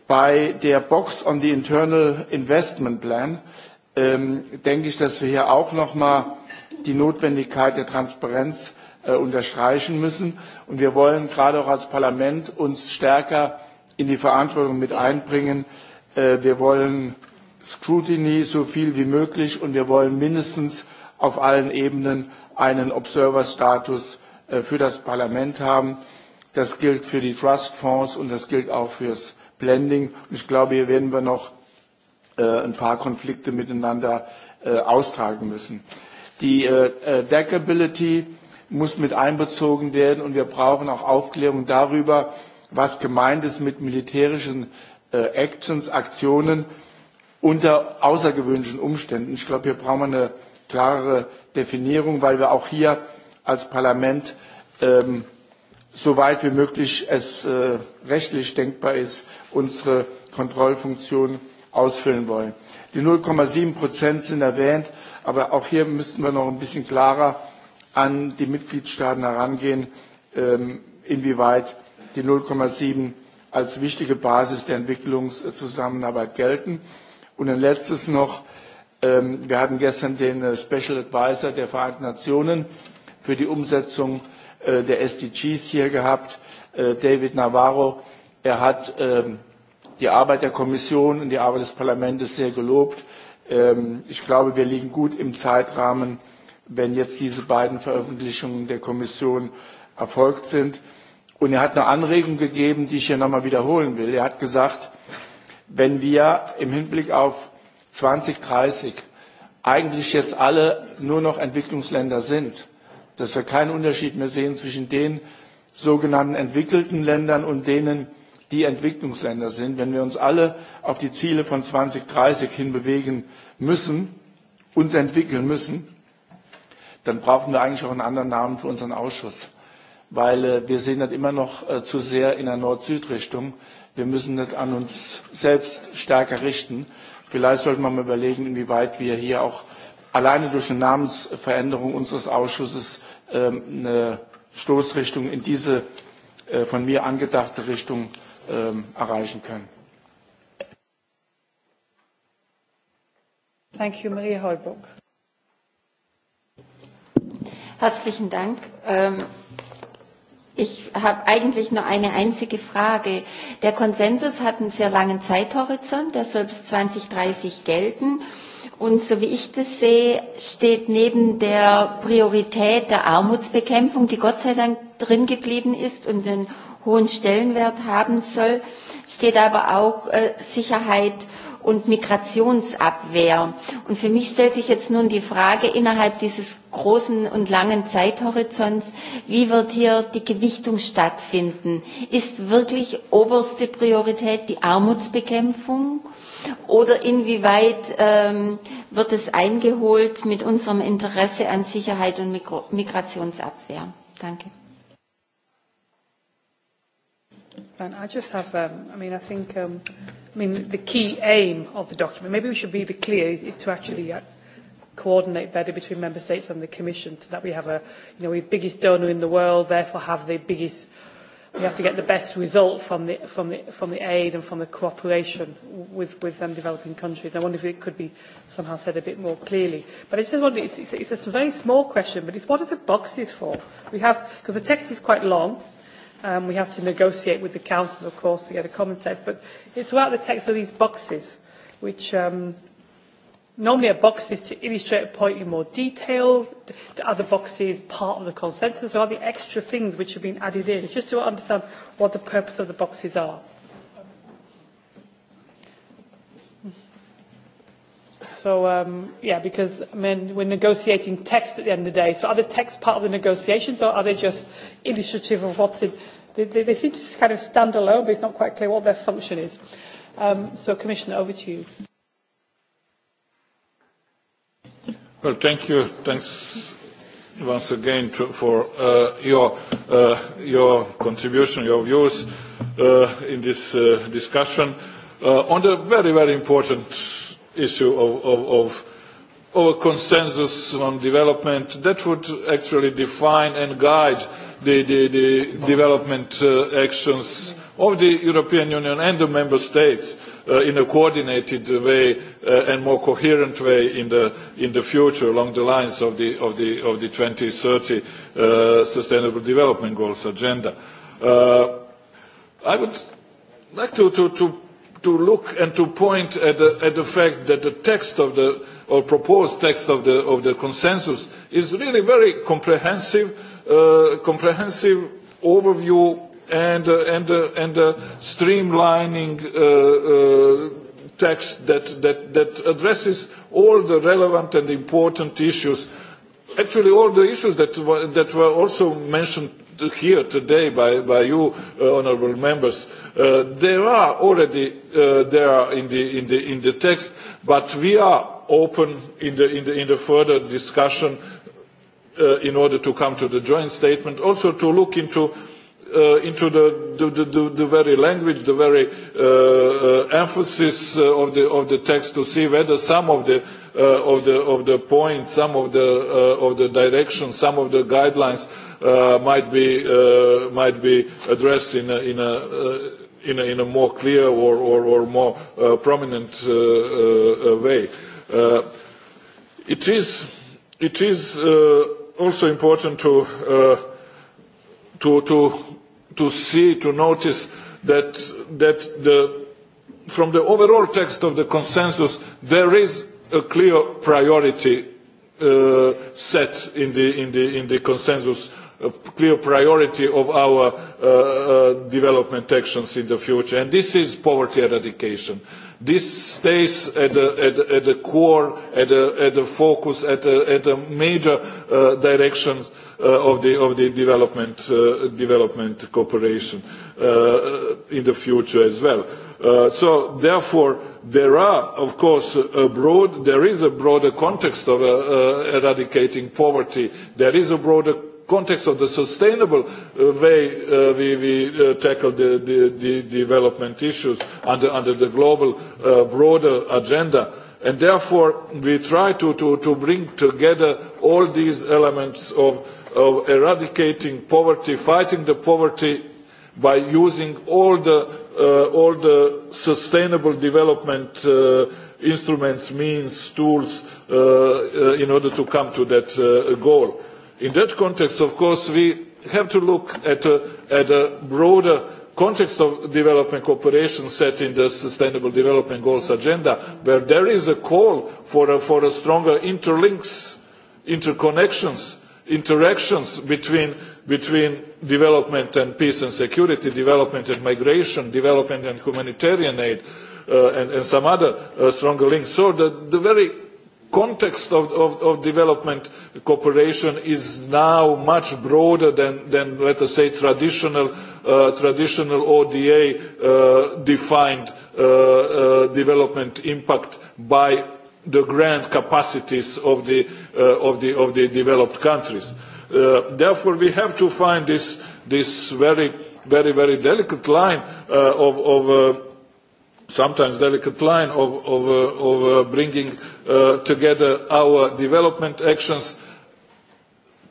G: Bei der Box on the Internal Investment Plan ähm, denke ich, dass wir hier auch nochmal die Notwendigkeit der Transparenz äh, Äh, unterstreichen müssen. Und wir wollen gerade auch als Parlament uns stärker in die Verantwortung mit einbringen. Äh, wir wollen Scrutiny so viel wie möglich und wir wollen mindestens auf allen Ebenen einen Observer-Status äh, für das Parlament haben. Das gilt für die Trustfonds und das gilt auch fürs Blending. Und ich glaube, hier werden wir noch ein paar Konflikte miteinander austragen müssen. Die Deckability muss mit einbezogen werden. Und wir brauchen auch Aufklärung darüber, was gemeint ist mit militärischen äh, Actions, Aktionen unter außergewöhnlichen Umständen. Ich glaube, hier brauchen wir eine klarere Definierung, weil wir auch hier als Parlament ähm, so weit wie möglich es äh, rechtlich denkbar ist, unsere Kontrollfunktion ausfüllen wollen. Die 0,7 Prozent sind erwähnt, aber auch hier müssten wir noch ein bisschen klarer an die Mitgliedstaaten herangehen, ähm, inwieweit die 0,7 als wichtige Basis der Entwicklungszusammenarbeit gelten. Und ein letztes noch. Ähm, wir hatten gestern den äh, Special Advisor der Vereinten Nationen für die Umsetzung äh, der SDGs hier gehabt, äh, David Navarro. Er hat ähm, die Arbeit der Kommission und die Arbeit des Parlaments sehr gelobt. Ich glaube, wir liegen gut im Zeitrahmen wenn jetzt diese beiden Veröffentlichungen der Kommission erfolgt sind. Und er hat eine Anregung gegeben, die ich hier nochmal wiederholen will. Er hat gesagt, wenn wir im Hinblick auf 2030 eigentlich jetzt alle nur noch Entwicklungsländer sind, dass wir keinen Unterschied mehr sehen zwischen den sogenannten entwickelten Ländern und denen, die Entwicklungsländer sind. Wenn wir uns alle auf die Ziele von 2030 hinbewegen müssen, uns entwickeln müssen, dann brauchen wir eigentlich auch einen anderen Namen für unseren Ausschuss. Weil äh, wir sehen das immer noch äh, zu sehr in der Nord-Süd-Richtung. Wir müssen das an uns selbst stärker richten. Vielleicht sollte man mal überlegen, inwieweit wir hier auch alleine durch eine Namensveränderung unseres Ausschusses äh, eine Stoßrichtung in diese äh, von mir angedachte Richtung äh, erreichen können.
A: Thank you, Maria Holbrook.
D: Herzlichen Dank. Ähm Ich habe eigentlich nur eine einzige Frage. Der Konsensus hat einen sehr langen Zeithorizont, der soll bis 2030 gelten. Und so wie ich das sehe, steht neben der Priorität der Armutsbekämpfung, die Gott sei Dank drin geblieben ist und einen hohen Stellenwert haben soll, steht aber auch äh, Sicherheit und Migrationsabwehr. Und für mich stellt sich jetzt nun die Frage innerhalb dieses großen und langen Zeithorizonts, wie wird hier die Gewichtung stattfinden? Ist wirklich oberste Priorität die Armutsbekämpfung? Oder inwieweit ähm, wird es eingeholt mit unserem Interesse an Sicherheit und Mikro Migrationsabwehr? Danke.
A: And I just have, um, I mean, I think um, mean, the key aim of the document, maybe we should be the clear, is, is to actually uh, coordinate better between member states and the commission so that we have a, you know, we're the biggest donor in the world, therefore have the biggest, we have to get the best result from the, from the, from the aid and from the cooperation with, with them developing countries. I wonder if it could be somehow said a bit more clearly. But I just wonder, it's, it's, it's a very small question, but it's what are the boxes for? We have, because the text is quite long, Um, we have to negotiate with the Council, of course, to get a common text. But it's about the text of these boxes, which um, normally are boxes to illustrate a point in more detail. Are the boxes part of the consensus, or are the extra things which have been added in? It's just to understand what the purpose of the boxes are. So, um, yeah, because I mean, we're negotiating text at the end of the day. So are the text part of the negotiations or are they just illustrative of what's in? They, they, they seem to just kind of stand alone, but it's not quite clear what their function is. Um, so, Commissioner, over to you.
E: Well, thank you. Thanks once again to, for uh, your, uh, your contribution, your views uh, in this uh, discussion uh, on the very, very important issue of, of, of our consensus on development that would actually define and guide the, the, the development uh, actions of the European Union and the member states uh, in a coordinated way uh, and more coherent way in the, in the future along the lines of the, of the, of the 2030 uh, Sustainable Development Goals agenda. Uh, I would like to, to, to to look and to point at the, at the fact that the text of the or proposed text of the of the consensus is really very comprehensive, uh, comprehensive overview and uh, and uh, and a uh, streamlining uh, uh, text that, that that addresses all the relevant and important issues. Actually, all the issues that that were also mentioned here today by, by you, uh, honourable members, uh, there are already uh, there in the, in, the, in the text, but we are open in the, in the, in the further discussion uh, in order to come to the joint statement, also to look into uh, into the, the, the, the very language, the very uh, uh, emphasis uh, of the, of the text to see whether some of the, uh, of the, of the points, some of the, uh, of the directions, some of the guidelines uh, might, be, uh, might be addressed in a, in a, uh, in a, in a more clear or, or, or more uh, prominent uh, uh, uh way. Uh, it is, it is uh, also important to, uh, to, to to see, to notice that, that the, from the overall text of the consensus, there is a clear priority uh, set in the, in the, in the consensus a clear priority of our uh, uh, development actions in the future, and this is poverty eradication. Uh, This stays at the, at the, at the core, at the, at the focus, at the, at the major uh, directions uh, of the, of the development, uh, development cooperation uh, in the future as well. Uh, so therefore, there are, of course, a broad, there is a broader context of uh, uh, eradicating poverty. There is a broader context of the sustainable uh, way uh, we, we uh, tackle the, the, the development issues under, under the global uh, broader agenda. And therefore, we try to, to, to bring together all these elements of, of eradicating poverty, fighting the poverty by using all the, uh, all the sustainable development uh, instruments, means, tools uh, uh, in order to come to that uh, goal In that context, of course, we have to look at a, at a broader context of development cooperation set in the Sustainable Development Goals agenda, where there is a call for a, for a stronger interlinks, interconnections, interactions between, between development and peace and security, development and migration, development and humanitarian aid, uh, and, and some other uh, stronger links. So the, the very context of, of, of development cooperation is now much broader than, than let us say, traditional, uh, traditional ODA uh, defined uh, uh, development impact by the grand capacities of the, uh, of the, of the developed countries. Uh, therefore, we have to find this, this very, very, very delicate line uh, of, of uh, sometimes delicate line of, of, uh, of uh, bringing uh, together our development actions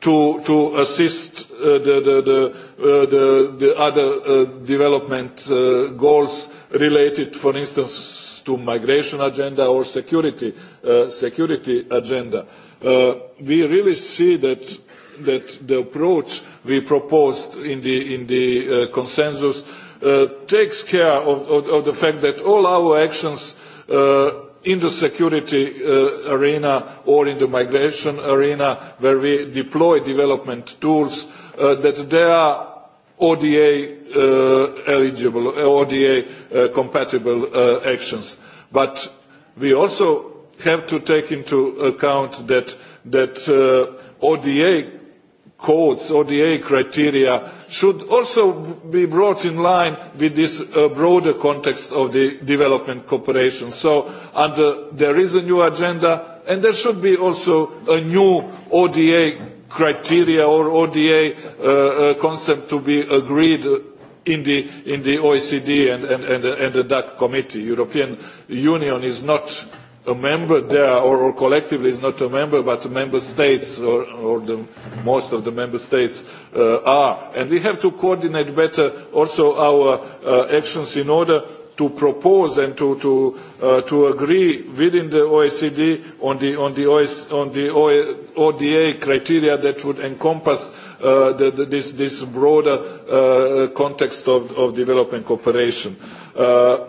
E: to, to assist uh, the, the, the, uh, the, the other uh, development uh, goals related, for instance, to migration agenda or security, uh, security agenda. Uh, we really see that, that the approach we proposed in the, in the uh, consensus uh, Uh, takes care of, of, of the fact that all our actions uh, in the security uh, arena or in the migration arena where we deploy development tools uh, that they are ODA uh, eligible, uh, ODA uh, compatible uh, actions. But we also have to take into account that, that uh, ODA codes, ODA criteria, should also be brought in line with this uh, broader context of the development cooperation. So under, there is a new agenda, and there should be also a new ODA criteria or ODA uh, uh, concept to be agreed in the, in the OECD and, and, and, and the DAC committee. European Union is not a member there or, or collectively is not a member but the member states or, or the, most of the member states uh, are and we have to coordinate better also our uh, actions in order to propose and to to uh, to agree within the OECD on the on the OS, on the ODA criteria that would encompass uh, the, the, this this broader uh, context of, of development cooperation. Uh,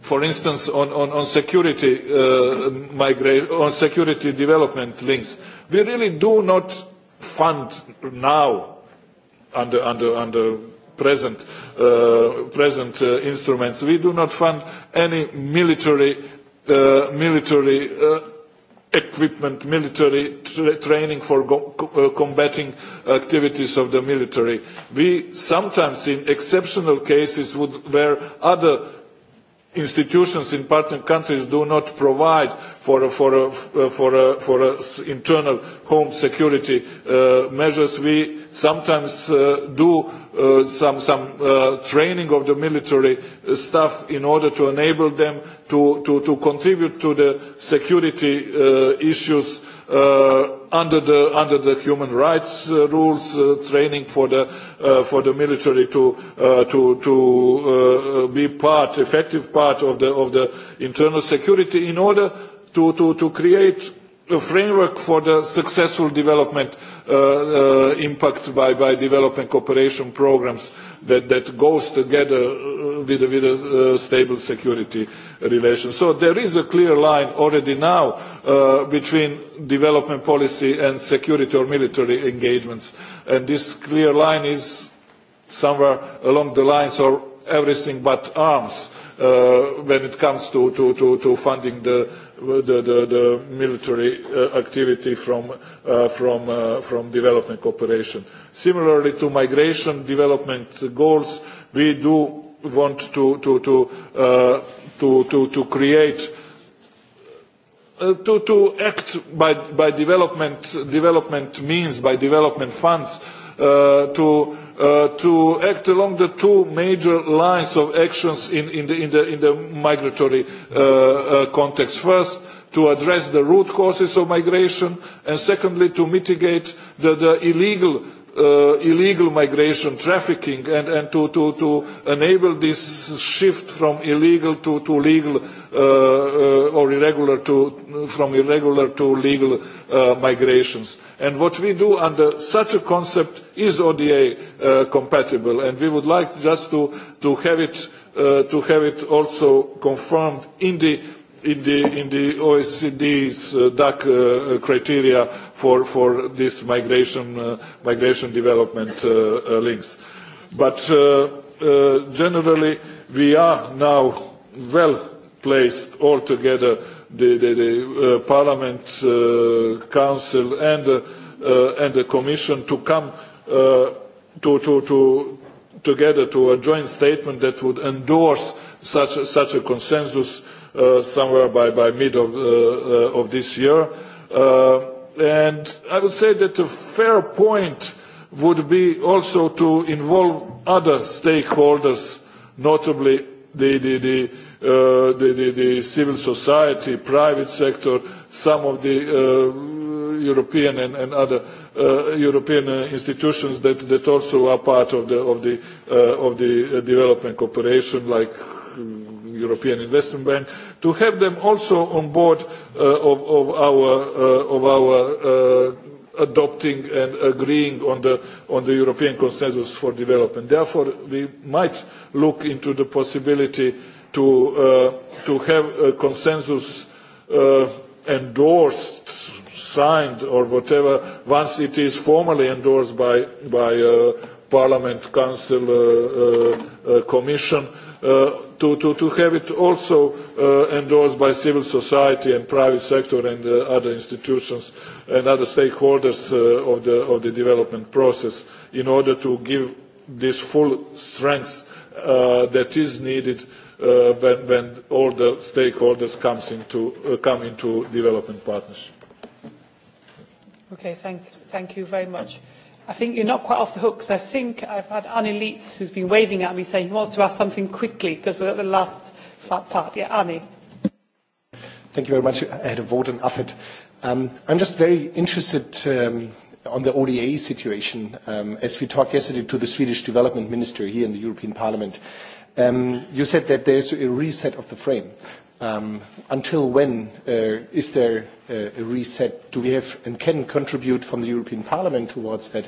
E: for instance, on, on, on security uh, on security development links. We really do not fund now under under under present uh, present uh, instruments. We do not fund any military uh, military. Uh, equipment, military tra training for uh, combating activities of the military. We sometimes, in exceptional cases, would, where other institutions in partner countries do not provide for for for for uh, internal home security uh, measures. We sometimes uh, do uh, some some uh, training of the military staff in order to enable them to to, to contribute to the security uh, issues. Uh, under the under the human rights uh, rules uh, training for the uh, for the military to uh, to to uh, be part effective part of the of the internal security in order to, to, to create a framework for the successful development uh, uh, impact by, by development cooperation programs that, that goes together uh, with, with a uh, stable security relation. So there is a clear line already now uh, between development policy and security or military engagements. And this clear line is somewhere along the lines of everything but arms uh, when it comes to, to, to, to funding the the, the, the military uh, activity from, uh, from, uh, from development cooperation. Similarly to migration development goals, we do want to, to, to, uh, to, to, to create uh, to, to act by, by development, development means, by development funds, uh, Uh, to, uh, to act along the two major lines of actions in, in, the, in, the, in the migratory uh, uh, context. First, to address the root causes of migration, and secondly, to mitigate the, the illegal uh, illegal migration, trafficking, and, and to, to, to enable this shift from illegal to, to legal uh, uh, or irregular to, from irregular to legal uh, migrations. And what we do under such a concept is ODA uh, compatible, and we would like just to, to have it uh, to have it also confirmed in the in the, in the OECD's uh, DAC uh, criteria for, for this migration, uh, migration development uh, uh, links. But uh, uh, generally, we are now well placed altogether, the, the, the uh, Parliament, uh, Council and, uh, uh, and the Commission to come uh, to, to, to, together to a joint statement that would endorse such, such a consensus uh, Uh, somewhere by, by mid of, uh, uh, of this year. Uh, and I would say that a fair point would be also to involve other stakeholders, notably the, the, the, uh, the, the, the civil society, private sector, some of the uh, European and, and other uh, European uh, institutions that, that also are part of the, of the, uh, of the uh, development cooperation, like Uh, European Investment Bank, to have them also on board uh, of, of our, uh, of our uh, adopting and agreeing on the, on the European consensus for development. Therefore, we might look into the possibility to, uh, to have a consensus uh, endorsed, signed or whatever, once it is formally endorsed by, by uh, Parliament, Council, uh, uh, uh, Commission, uh, to, to, to have it also uh, endorsed by civil society and private sector and uh, other institutions and other stakeholders uh, of, the, of the development process in order to give this full strength uh, that is needed uh, when, when all the stakeholders comes into, uh, come into development partnership.
A: Okay, thank, thank you very much. I think you're not quite off the hook because I think I've had Annie Leitz who's been waving at me saying he wants to ask something quickly because we're at the last part. Yeah, Annie.
H: Thank you very much. I had a vote on AFET. Um, I'm just very interested um, on the ODA situation. Um, as we talked yesterday to the Swedish Development Minister here in the European Parliament, Um, you said that there's a reset of the frame. Um, until when uh, is there a, uh, a reset? Do we have and can contribute from the European Parliament towards that?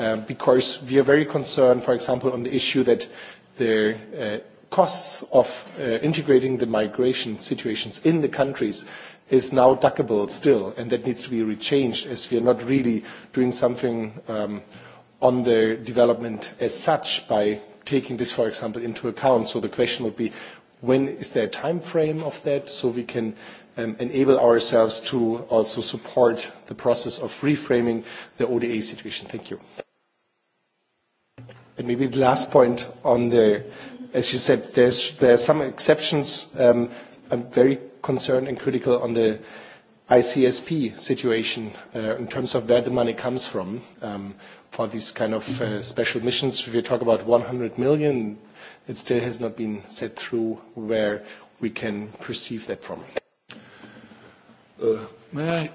H: Uh, because we are very concerned, for example, on the issue that the uh, costs of uh, integrating the migration situations in the countries is now duckable still, and that needs to be rechanged as we are not really doing something um, on the development as such by taking this, for example, into account. So the question would be, when is there a time frame of that so we can um, enable ourselves to also support the process of reframing the ODA situation? Thank you. And maybe the last point on the, as you said, there's, there are some exceptions. Um, I'm very concerned and critical on the ICSP situation uh, in terms of where the money comes from. Um, for these kind of uh, special missions. We talk about 100 million. It still has not been set through where we can perceive that from. Uh,
E: may I,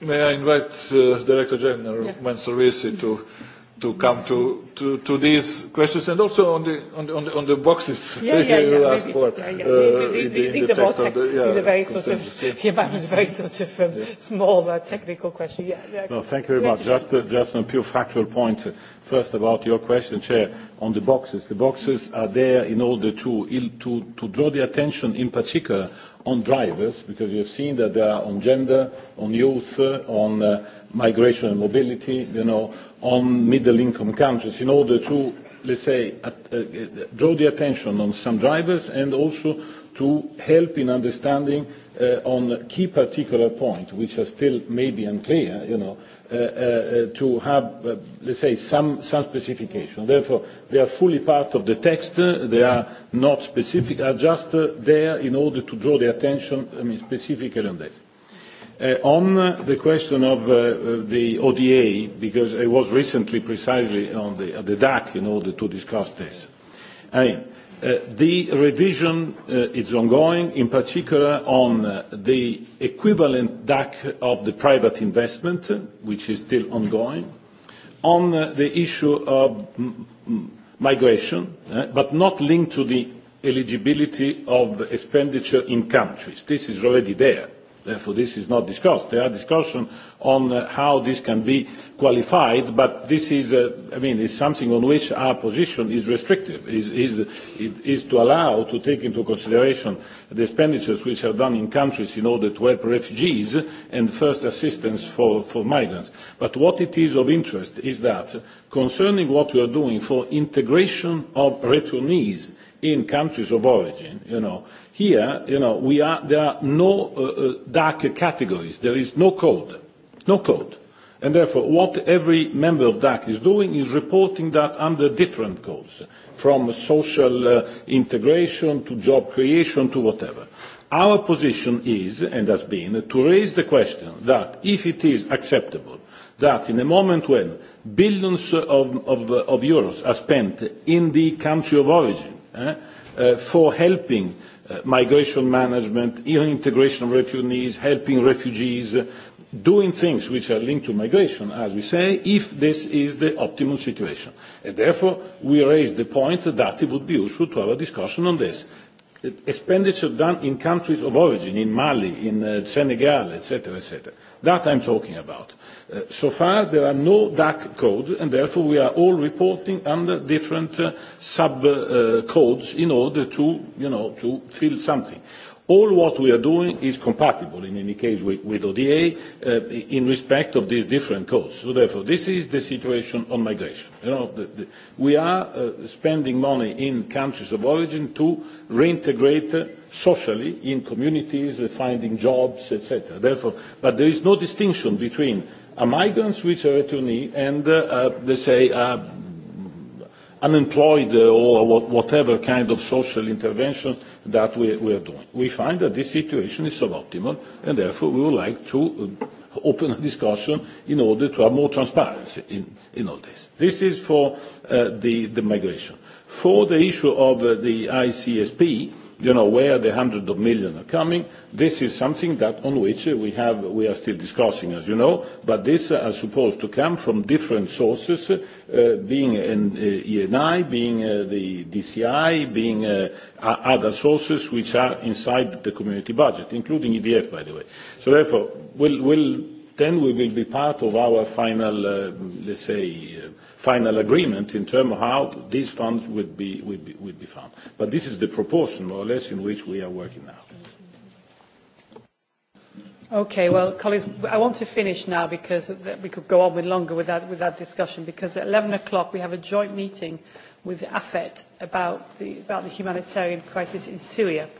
E: may I invite uh, Director General yeah. Manservisi to to come to, to, to these questions and also on the on the, on the, on the boxes yeah, yeah, yeah, you asked for uh, the, yeah, very sort of yeah. very
A: sort of um, yeah. small uh, technical question. Yeah, yeah.
I: No, thank you very much. Just uh, just a pure factual point. First about your question, Chair, on the boxes. The boxes are there in order to to to draw the attention in particular on drivers because you've seen that they are on gender, on youth, on uh, migration and mobility. You know on middle-income countries in order to, let's say, at, uh, draw the attention on some drivers and also to help in understanding uh, on key particular points which are still maybe unclear, you know, uh, uh, uh, to have, uh, let's say, some, some specification. Therefore, they are fully part of the text. they are not specific, are just uh, there in order to draw the attention, I mean, specifically on this. Uh, on the question of uh, uh the ODA, because it was recently precisely on the, at the DAC in order to discuss this. I mean, uh, the revision uh, is ongoing, in particular on uh, the equivalent DAC of the private investment, which is still ongoing, on uh, the issue of m- migration, uh, but not linked to the eligibility of expenditure in countries. This is already there Therefore, this is not discussed. There are discussions on uh, how this can be qualified, but this is, uh, I mean, it's something on which our position is restrictive, is, is, is to allow to take into consideration the expenditures which are done in countries in order to help refugees and first assistance for, for migrants. But what it is of interest is that concerning what we are doing for integration of returnees in countries of origin, you know, here, you know, we are, there are no uh, uh, dark categories. There is no code, no code. And therefore, what every member of DAC is doing is reporting that under different codes, from social uh, integration to job creation to whatever. Our position is, and has been, to raise the question that if it is acceptable that in a moment when billions of, of, of euros are spent in the country of origin, Eh, eh, for helping eh, migration management, integration of refugees, helping refugees, eh, doing things which are linked to migration, as we say, if this is the optimum situation. And therefore, we raise the point that it would be useful to have a discussion on this. Expenditure done in countries of origin, in Mali, in uh, Senegal, etc., etc. That I'm talking about. Uh, so far, there are no DAC codes, and therefore we are all reporting under different uh, sub-codes uh, in order to, you know, to fill something. All what we are doing is compatible, in any case, with, with ODA uh, in respect of these different codes. So therefore, this is the situation on migration. You know, the, the, we are uh, spending money in countries of origin to reintegrate socially in communities, finding jobs, etc. Therefore, but there is no distinction between a migrant which a returnee and, uh, uh, let's say, uh, unemployed or whatever kind of social intervention that we, we are doing. We find that this situation is suboptimal, and therefore we would like to uh, open a discussion in order to have more transparency in, in all this. This is for uh, the, the migration. For the issue of uh, the ICSP, you know, where the hundreds of millions are coming, this is something that on which uh, we have, we are still discussing, as you know, but this is uh, supposed to come from different sources, uh, being an uh, ENI, being uh, the DCI, being other sources which are inside the community budget, including EDF, by the way. So therefore, we'll, we'll then we will be part of our final, uh, let's say, uh, final agreement in terms of how these funds would be, would, be, would be found. But this is the proportion, more or less, in which we are working now.
A: Okay, well, colleagues, I want to finish now because we could go on with longer with that, with that discussion because at 11 o'clock we have a joint meeting with AFET about the, about the humanitarian crisis in Syria.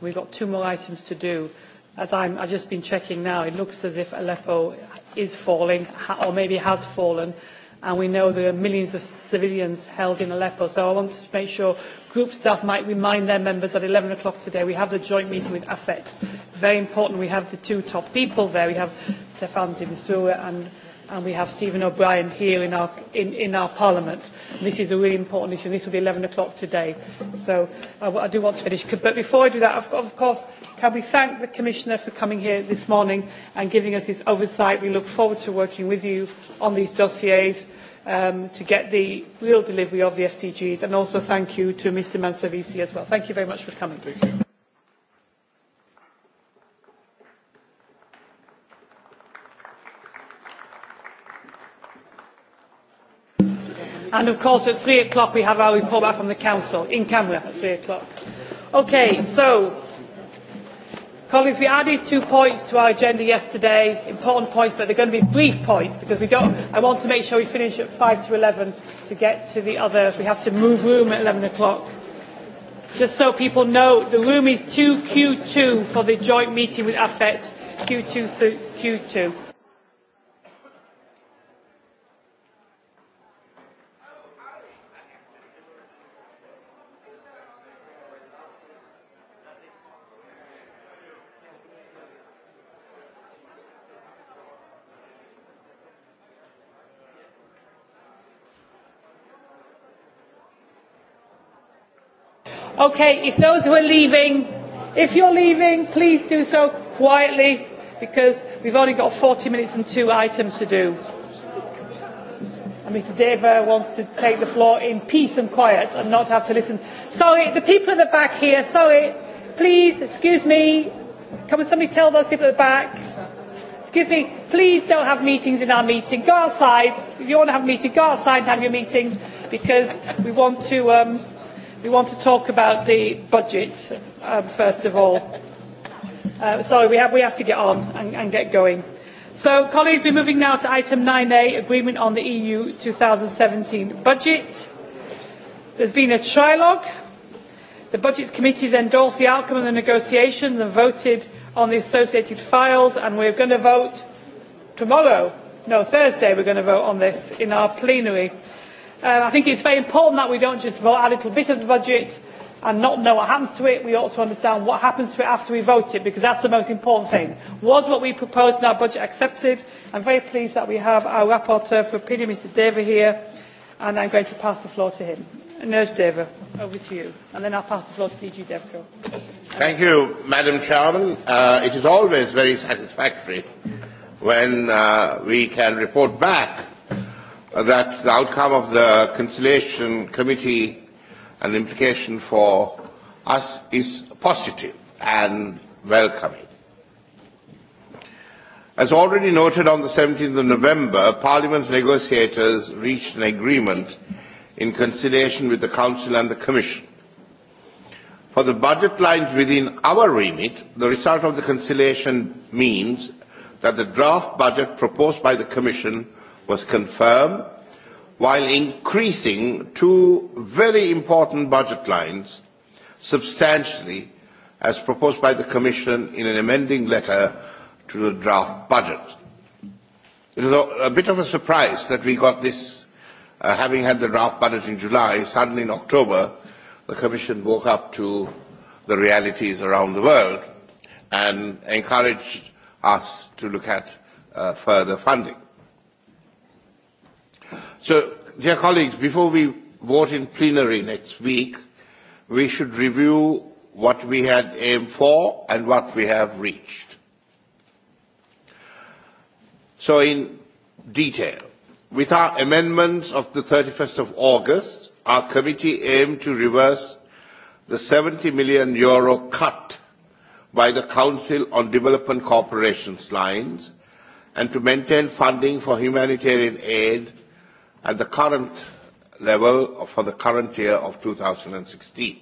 A: We've got two more items to do as I'm, I've just been checking now, it looks as if Aleppo is falling, or maybe has fallen, and we know there are millions of civilians held in Aleppo. So I want to make sure group staff might remind their members at 11 o'clock today we have the joint meeting with AFET. Very important, we have the two top people there. We have Stefan de and and we have Stephen O'Brien here in our, in, in our Parliament. And this is a really important issue. This will be 11 o'clock today. So I, I do want to finish. But before I do that, of, of course, can we thank the Commissioner for coming here this morning and giving us his oversight. We look forward to working with you on these dossiers um, to get the real delivery of the SDGs. And also thank you to Mr Mansavisi as well. Thank you very much for coming. Thank you. And of course, at three o'clock, we have our report back from the Council in camera at three o'clock. Okay, so, colleagues, we added two points to our agenda yesterday, important points, but they're going to be brief points because we don't, I want to make sure we finish at five to 11 to get to the others. We have to move room at 11 o'clock. Just so people know, the room is 2Q2 for the joint meeting with AFET, Q2 through Q2. Okay, if those who are leaving, if you're leaving, please do so quietly because we've only got 40 minutes and two items to do. And Mr. Deva wants to take the floor in peace and quiet and not have to listen. Sorry, the people at the back here, sorry, please, excuse me. Come and somebody tell those people at the back. Excuse me, please don't have meetings in our meeting. Go outside. If you want to have a meeting, go outside and have your meeting because we want to. Um, we want to talk about the budget, um, first of all. Uh, sorry, we have, we have to get on and, and get going. So, colleagues, we're moving now to item 9A, agreement on the EU 2017 budget. There's been a trilogue. The Budget Committee has endorsed the outcome of the negotiations and voted on the associated files, and we're going to vote tomorrow. No, Thursday we're going to vote on this in our plenary. Um, I think it's very important that we don't just vote a little bit of the budget and not know what happens to it. We ought to understand what happens to it after we vote it, because that's the most important thing. Was what we proposed in our budget accepted? I'm very pleased that we have our rapporteur for opinion, Mr Deva, here, and I'm going to pass the floor to him. Nurse Deva, over to you, and then I'll pass the floor to DG DevCo.
J: Thank you, Madam Chairman. Uh, it is always very satisfactory when uh, we can report back that the outcome of the conciliation committee and implication for us is positive and welcoming. As already noted on the 17th of November, Parliament's negotiators reached an agreement in conciliation with the Council and the Commission. For the budget lines within our remit, the result of the conciliation means that the draft budget proposed by the Commission was confirmed while increasing two very important budget lines substantially as proposed by the Commission in an amending letter to the draft budget. It is a, a bit of a surprise that we got this, uh, having had the draft budget in July, suddenly in October the Commission woke up to the realities around the world and encouraged us to look at uh, further funding. So, dear colleagues, before we vote in plenary next week, we should review what we had aimed for and what we have reached. So in detail, with our amendments of the 31st of August, our committee aimed to reverse the 70 million euro cut by the Council on Development Corporations lines and to maintain funding for humanitarian aid at the current level for the current year of 2016.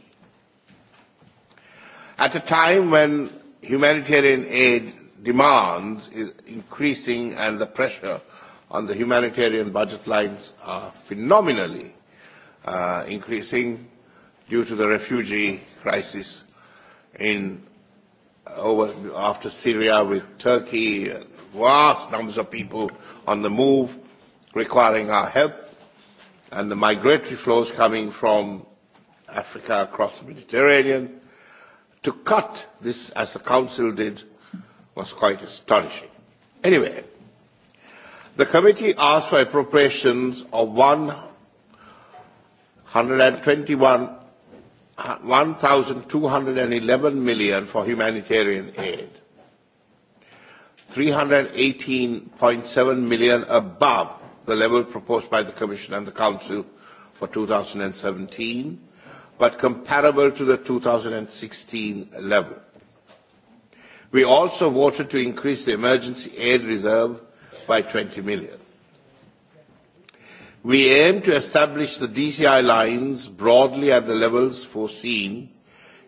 J: At a time when humanitarian aid demand is increasing and the pressure on the humanitarian budget lines are phenomenally uh, increasing due to the refugee crisis in uh, over, after Syria with Turkey, vast numbers of people on the move, requiring our help, and the migratory flows coming from Africa across the Mediterranean, to cut this as the Council did was quite astonishing. Anyway, the committee asked for appropriations of 121 1,211 million for humanitarian aid, 318.7 million above the level proposed by the Commission and the Council for 2017, but comparable to the 2016 level. We also voted to increase the emergency aid reserve by 20 million. We aim to establish the DCI lines broadly at the levels foreseen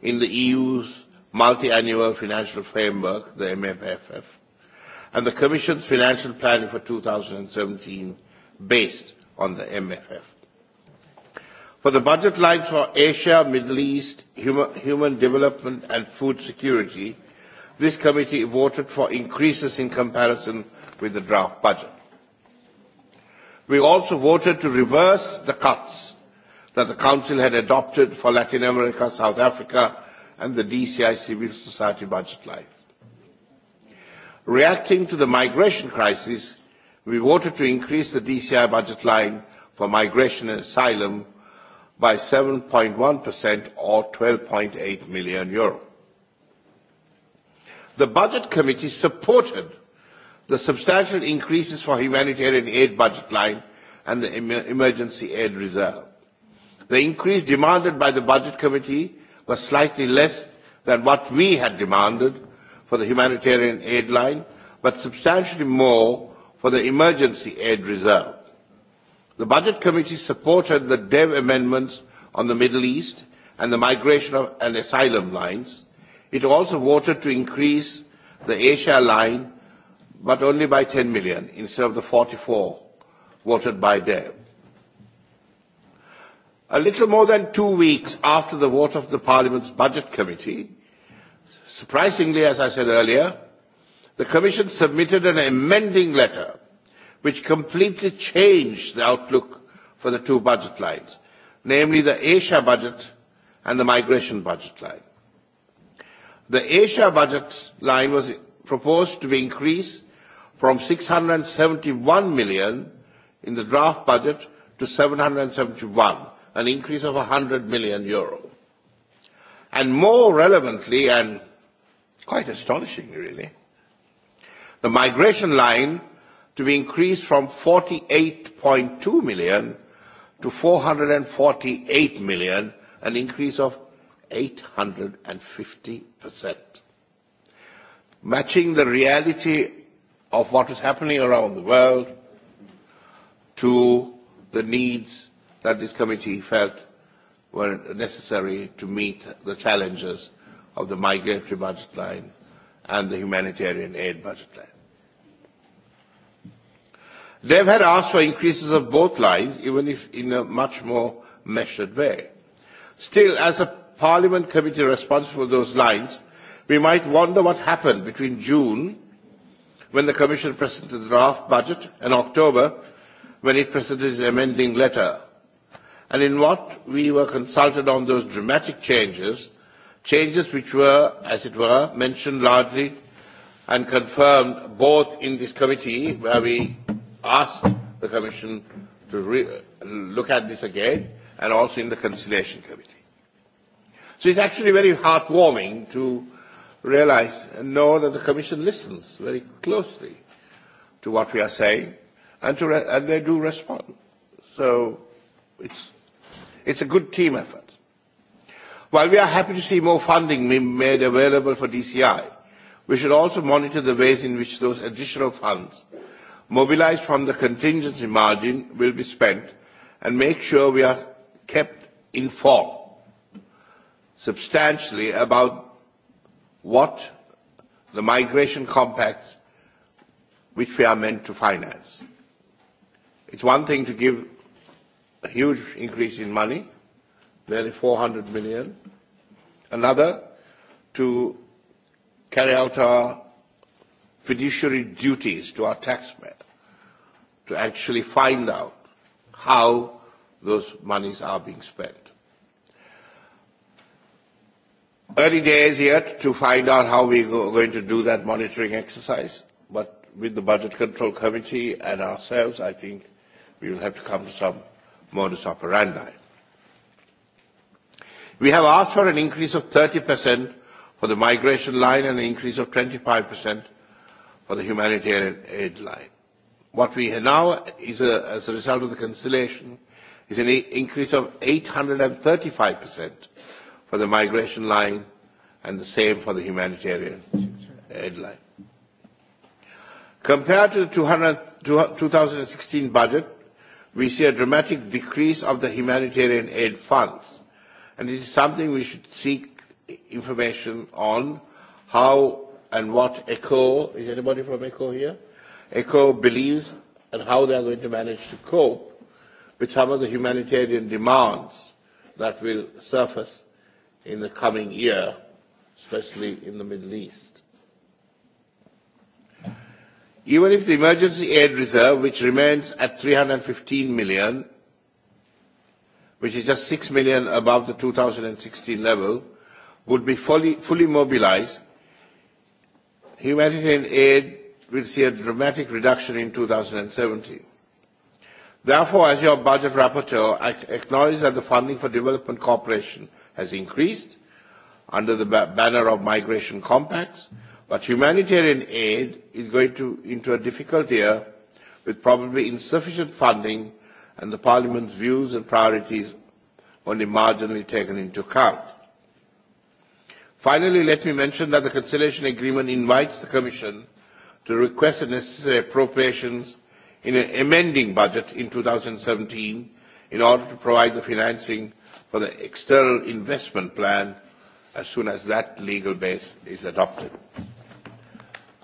J: in the EU's multi-annual financial framework, the MFFF, and the Commission's financial planning for 2017 based on the MFF. For the budget lines for Asia, Middle East, human, human development and food security, this committee voted for increases in comparison with the draft budget. We also voted to reverse the cuts that the Council had adopted for Latin America, South Africa and the DCI civil society budget line. Reacting to the migration crisis, we voted to increase the DCI budget line for migration and asylum by 7.1% or 12.8 million euro. The Budget Committee supported the substantial increases for humanitarian aid budget line and the emergency aid reserve. The increase demanded by the Budget Committee was slightly less than what we had demanded for the humanitarian aid line, but substantially more for the emergency aid reserve. The Budget Committee supported the DEV amendments on the Middle East and the migration of, and asylum lines. It also voted to increase the Asia line, but only by 10 million instead of the 44 voted by DEV. A little more than two weeks after the vote of the Parliament's Budget Committee, surprisingly, as I said earlier, the Commission submitted an amending letter which completely changed the outlook for the two budget lines, namely the Asia budget and the migration budget line. The Asia budget line was proposed to be increased from 671 million in the draft budget to 771, an increase of 100 million euro. And more relevantly and quite astonishing really, the migration line to be increased from 48.2 million to 448 million, an increase of 850%. Matching the reality of what is happening around the world to the needs that this committee felt were necessary to meet the challenges of the migratory budget line and the humanitarian aid budget line. They've had asked for increases of both lines, even if in a much more measured way. Still, as a Parliament committee responsible for those lines, we might wonder what happened between June, when the Commission presented the draft budget, and October, when it presented its amending letter, and in what we were consulted on those dramatic changes changes which were, as it were, mentioned largely and confirmed both in this committee where we asked the Commission to re- look at this again and also in the Conciliation Committee. So it's actually very heartwarming to realize and know that the Commission listens very closely to what we are saying and, to re- and they do respond. So it's, it's a good team effort. While we are happy to see more funding made available for DCI, we should also monitor the ways in which those additional funds mobilized from the contingency margin will be spent and make sure we are kept informed substantially about what the migration compacts which we are meant to finance. It's one thing to give a huge increase in money, nearly 400 million. Another to carry out our fiduciary duties to our taxpayer to actually find out how those monies are being spent. Early days yet to find out how we are going to do that monitoring exercise, but with the Budget Control Committee and ourselves, I think we will have to come to some modus operandi. We have asked for an increase of 30% for the migration line and an increase of 25% for the humanitarian aid line. What we have now is, a, as a result of the conciliation, is an increase of 835% for the migration line and the same for the humanitarian aid line. Compared to the 200, 2016 budget, we see a dramatic decrease of the humanitarian aid funds And it is something we should seek information on how and what ECHO, is anybody from ECHO here? ECHO believes and how they are going to manage to cope with some of the humanitarian demands that will surface in the coming year, especially in the Middle East. Even if the emergency aid reserve, which remains at 315 million, which is just 6 million above the 2016 level, would be fully, fully mobilized, humanitarian aid will see a dramatic reduction in 2017. Therefore, as your budget rapporteur, I acknowledge that the funding for development cooperation has increased under the banner of migration compacts, but humanitarian aid is going to, into a difficult year with probably insufficient funding and the Parliament's views and priorities only marginally taken into account. Finally, let me mention that the Conciliation Agreement invites the Commission to request the necessary appropriations in an amending budget in 2017 in order to provide the financing for the external investment plan as soon as that legal base is adopted.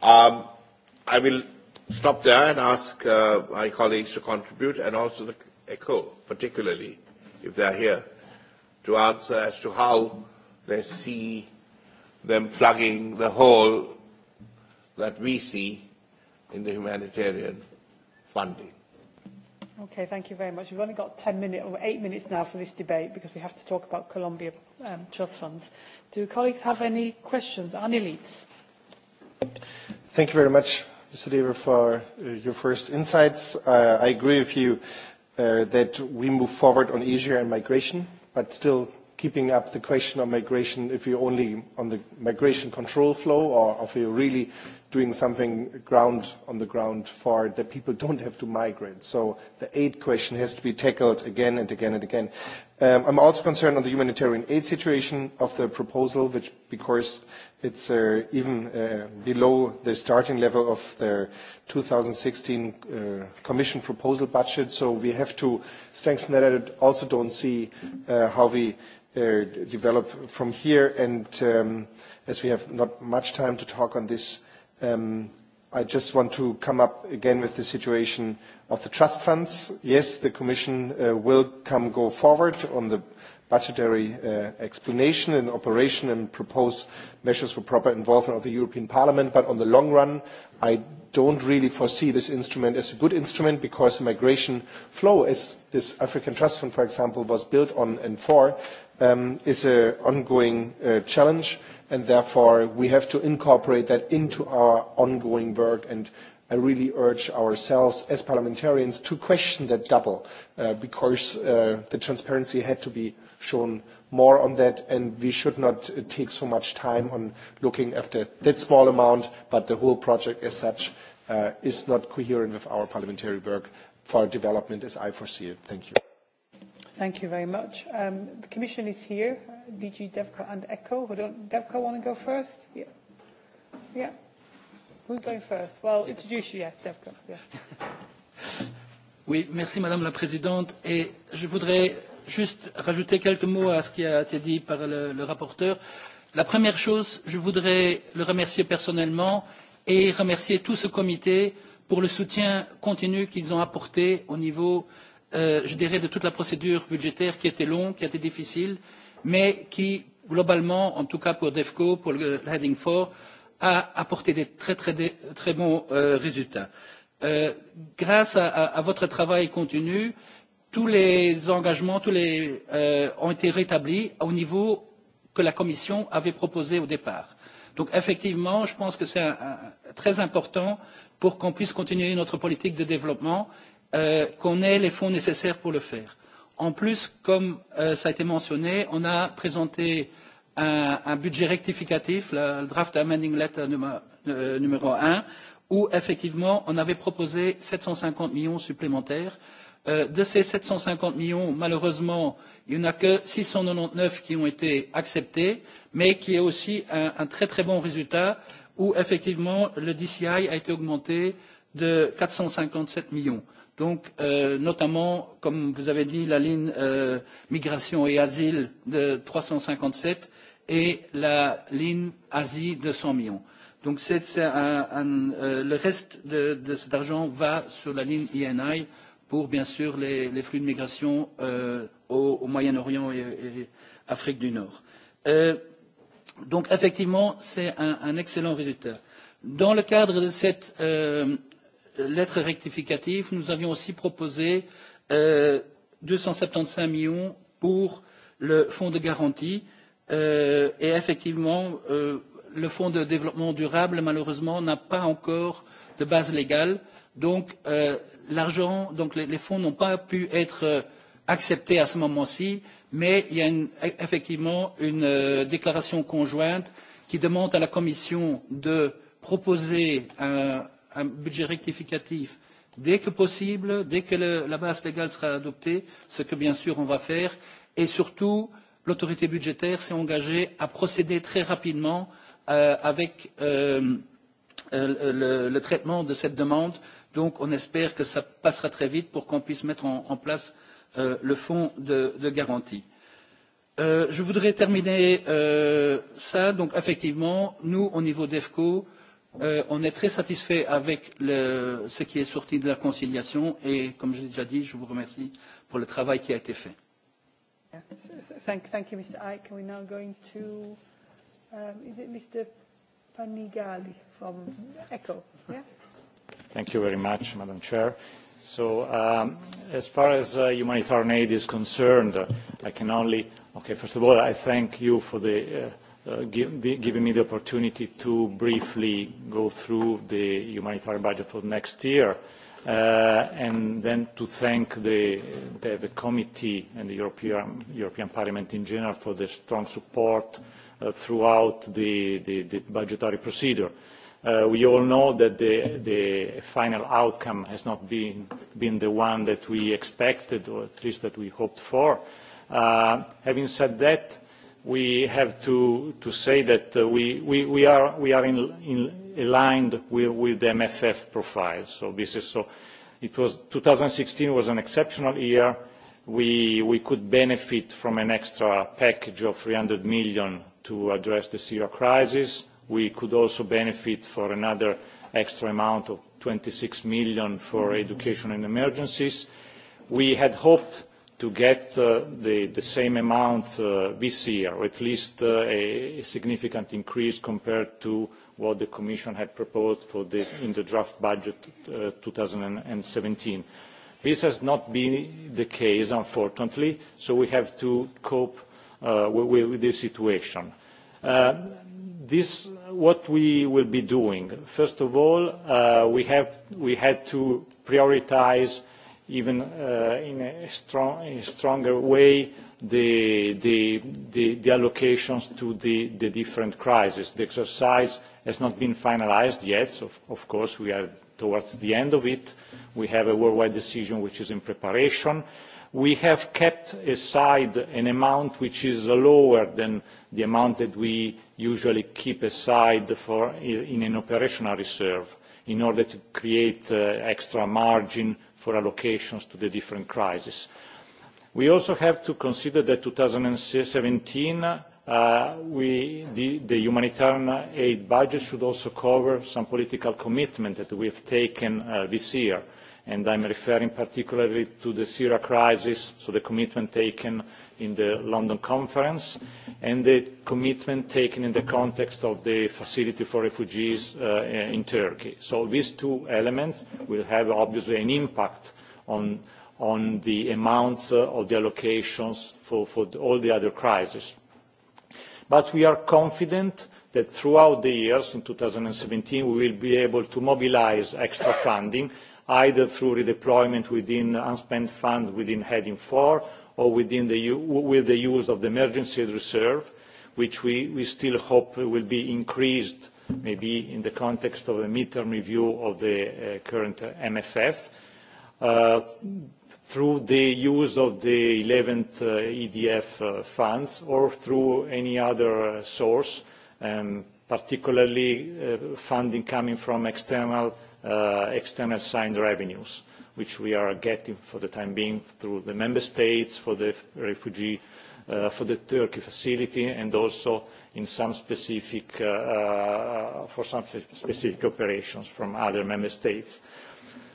J: Um, I will stop there and ask uh, my colleagues to contribute and also the ECHO, particularly if they are here, to answer as to how they see them plugging the hole that we see in the humanitarian funding.
A: Okay, thank you very much. We've only got 10 minutes or 8 minutes now for this debate because we have to talk about Colombia um, trust funds. Do colleagues have any questions? Annie
H: Thank you very much. Mr. Dever, for uh, your first insights. Uh, I agree with you uh, that we move forward on Asia and migration, but still keeping up the question of migration if you're only on the migration control flow or if you're really doing something ground on the ground for that people don't have to migrate. So the aid question has to be tackled again and again and again. Um, I'm also concerned on the humanitarian aid situation of the proposal, which because it's uh, even uh, below the starting level of the 2016 uh, Commission proposal budget, so we have to strengthen that. I also don't see uh, how we uh, develop from here, and um, as we have not much time to talk on this, um, I just want to come up again with the situation of the trust funds. Yes, the Commission uh, will come go forward on the budgetary uh, explanation and operation and propose measures for proper involvement of the European Parliament. But on the long run, I don't really foresee this instrument as a good instrument because the migration flow, as this African Trust Fund, for example, was built on and for, um, is an ongoing uh, challenge. And therefore, we have to incorporate that into our ongoing work and I really urge ourselves as parliamentarians to question that double uh, because uh, the transparency had to be shown more on that and we should not uh, take so much time on looking after that small amount but the whole project as such uh, is not coherent with our parliamentary work for development as I foresee it. Thank you.
A: Thank you very much. Um, the Commission is here, uh, DG DevCo and ECHO. Who don't, DevCo want to go first? Yeah. yeah. Who's going first? Well, introduce you, yeah, Devco. Yeah.
K: Oui, merci Madame la Présidente. Et je voudrais juste rajouter quelques mots à ce qui a été dit par le, le rapporteur. La première chose, je voudrais le remercier personnellement et remercier tout ce comité pour le soutien continu qu'ils ont apporté au niveau, euh, je dirais, de toute la procédure budgétaire qui était longue, qui était difficile, mais qui, globalement, en tout cas pour DEFCO, pour le Heading 4, a apporté de très très, de, très bons euh, résultats. Euh, grâce à, à, à votre travail continu, tous les engagements tous les, euh, ont été rétablis au niveau que la Commission avait proposé au départ. Donc effectivement, je pense que c'est très important pour qu'on puisse continuer notre politique de développement, euh, qu'on ait les fonds nécessaires pour le faire. En plus, comme euh, ça a été mentionné, on a présenté euh, un, un budget rectificatif, le draft amending letter numéro, euh, numéro 1, où effectivement on avait proposé 750 millions supplémentaires. Euh, de ces 750 millions, malheureusement, il n'y en a que 699 qui ont été acceptés, mais qui est aussi un, un très très bon résultat, où effectivement le DCI a été augmenté de 457 millions. Donc, euh, notamment, comme vous avez dit, la ligne euh, migration et asile de 357 et la ligne Asie de 100 millions. Donc c est, c est un, un, euh, le reste de, de cet argent va sur la ligne INI e pour bien sûr les, les flux de migration euh, au, au Moyen-Orient et, et Afrique du Nord. Euh, donc effectivement, c'est un, un excellent résultat. Dans le cadre de cette euh, lettre rectificative, nous avions aussi proposé euh, 275 millions pour le fonds de garantie euh, Euh, et effectivement, euh, le Fonds de développement durable, malheureusement, n'a pas encore de base légale. Donc, euh, l'argent, donc les, les fonds n'ont pas pu être euh, acceptés à ce moment-ci, mais il y a une, effectivement une euh, déclaration conjointe qui demande à la Commission de proposer un, un budget rectificatif dès que possible, dès que le, la base légale sera adoptée, ce que bien sûr on va faire, et surtout euh, l'autorité budgétaire s'est engagée à procéder très rapidement euh, avec euh, euh, le, traitement de cette demande. Donc on espère que cela passera très vite pour qu'on puisse mettre en, place le fonds de, garantie. je voudrais terminer euh, ça. Donc effectivement, nous, au niveau d'EFCO, euh, on est très satisfaits avec ce qui est sorti de la conciliation et, comme je l'ai déjà dit, je vous remercie pour le travail qui a été fait.
A: Thank, thank you, Mr. Ike. We're now going to, um, is it Mr. Panigali from ECHO? Yeah?
L: Thank you very much, Madam Chair. So um, as far as uh, humanitarian aid is concerned, uh, I can only, okay, first of all, I thank you for the, uh, uh, give, giving me the opportunity to briefly go through the humanitarian budget for next year. Uh, uh, and then to thank the, the, the committee and the European, European Parliament in general for the strong support uh, throughout the, the, the budgetary procedure. Uh, we all know that the, the final outcome has not been, been the one that we expected, or at least that we hoped for. Uh, having said that, we have to, to say that uh, we, we, we are, we are in, in aligned with, with the MFF profile. So this is so. It was 2016 was an exceptional year. We, we could benefit from an extra package of 300 million to address the Syria crisis. We could also benefit for another extra amount of 26 million for education and emergencies. We had hoped to get uh, the, the same amount uh, this year, or at least uh, a significant increase compared to what the Commission had proposed for the, in the draft budget uh, 2017. This has not been the case, unfortunately, so we have to cope uh, with, with this situation. Uh, this, what we will be doing, first of all, uh, we, have, we had to prioritize uh, even uh, in a, strong, a stronger way the, the, the, the allocations to the, the different crises. The exercise has not been finalized yet, so of course we are towards the end of it. We have a worldwide decision which is in preparation. We have kept aside an amount which is lower than the amount that we usually keep aside for, in an operational reserve in order to create uh, extra margin for allocations to the different crises. We also have to consider that 2017, uh, we, the, the humanitarian aid budget should also cover some political commitment that we have taken uh, this year and I'm referring particularly to the Syria crisis, so the commitment taken in the London conference, and the commitment taken in the context of the facility for refugees uh, in Turkey. So these two elements will have obviously an impact on, on the amounts uh, of the allocations for, for the, all the other crises. But we are confident that throughout the years, in 2017, we will be able to mobilize extra funding either through redeployment within unspent funds within heading four or within the, with the use of the emergency reserve, which we, we still hope will be increased maybe in the context of a midterm review of the uh, current MFF, uh, through the use of the 11th uh, EDF uh, funds or through any other uh, source, um, particularly uh, funding coming from external Uh, external signed revenues, which we are getting for the time being through the member states, for the refugee, uh, for the Turkey facility, and also in some specific, uh, uh for some specific operations from other member states.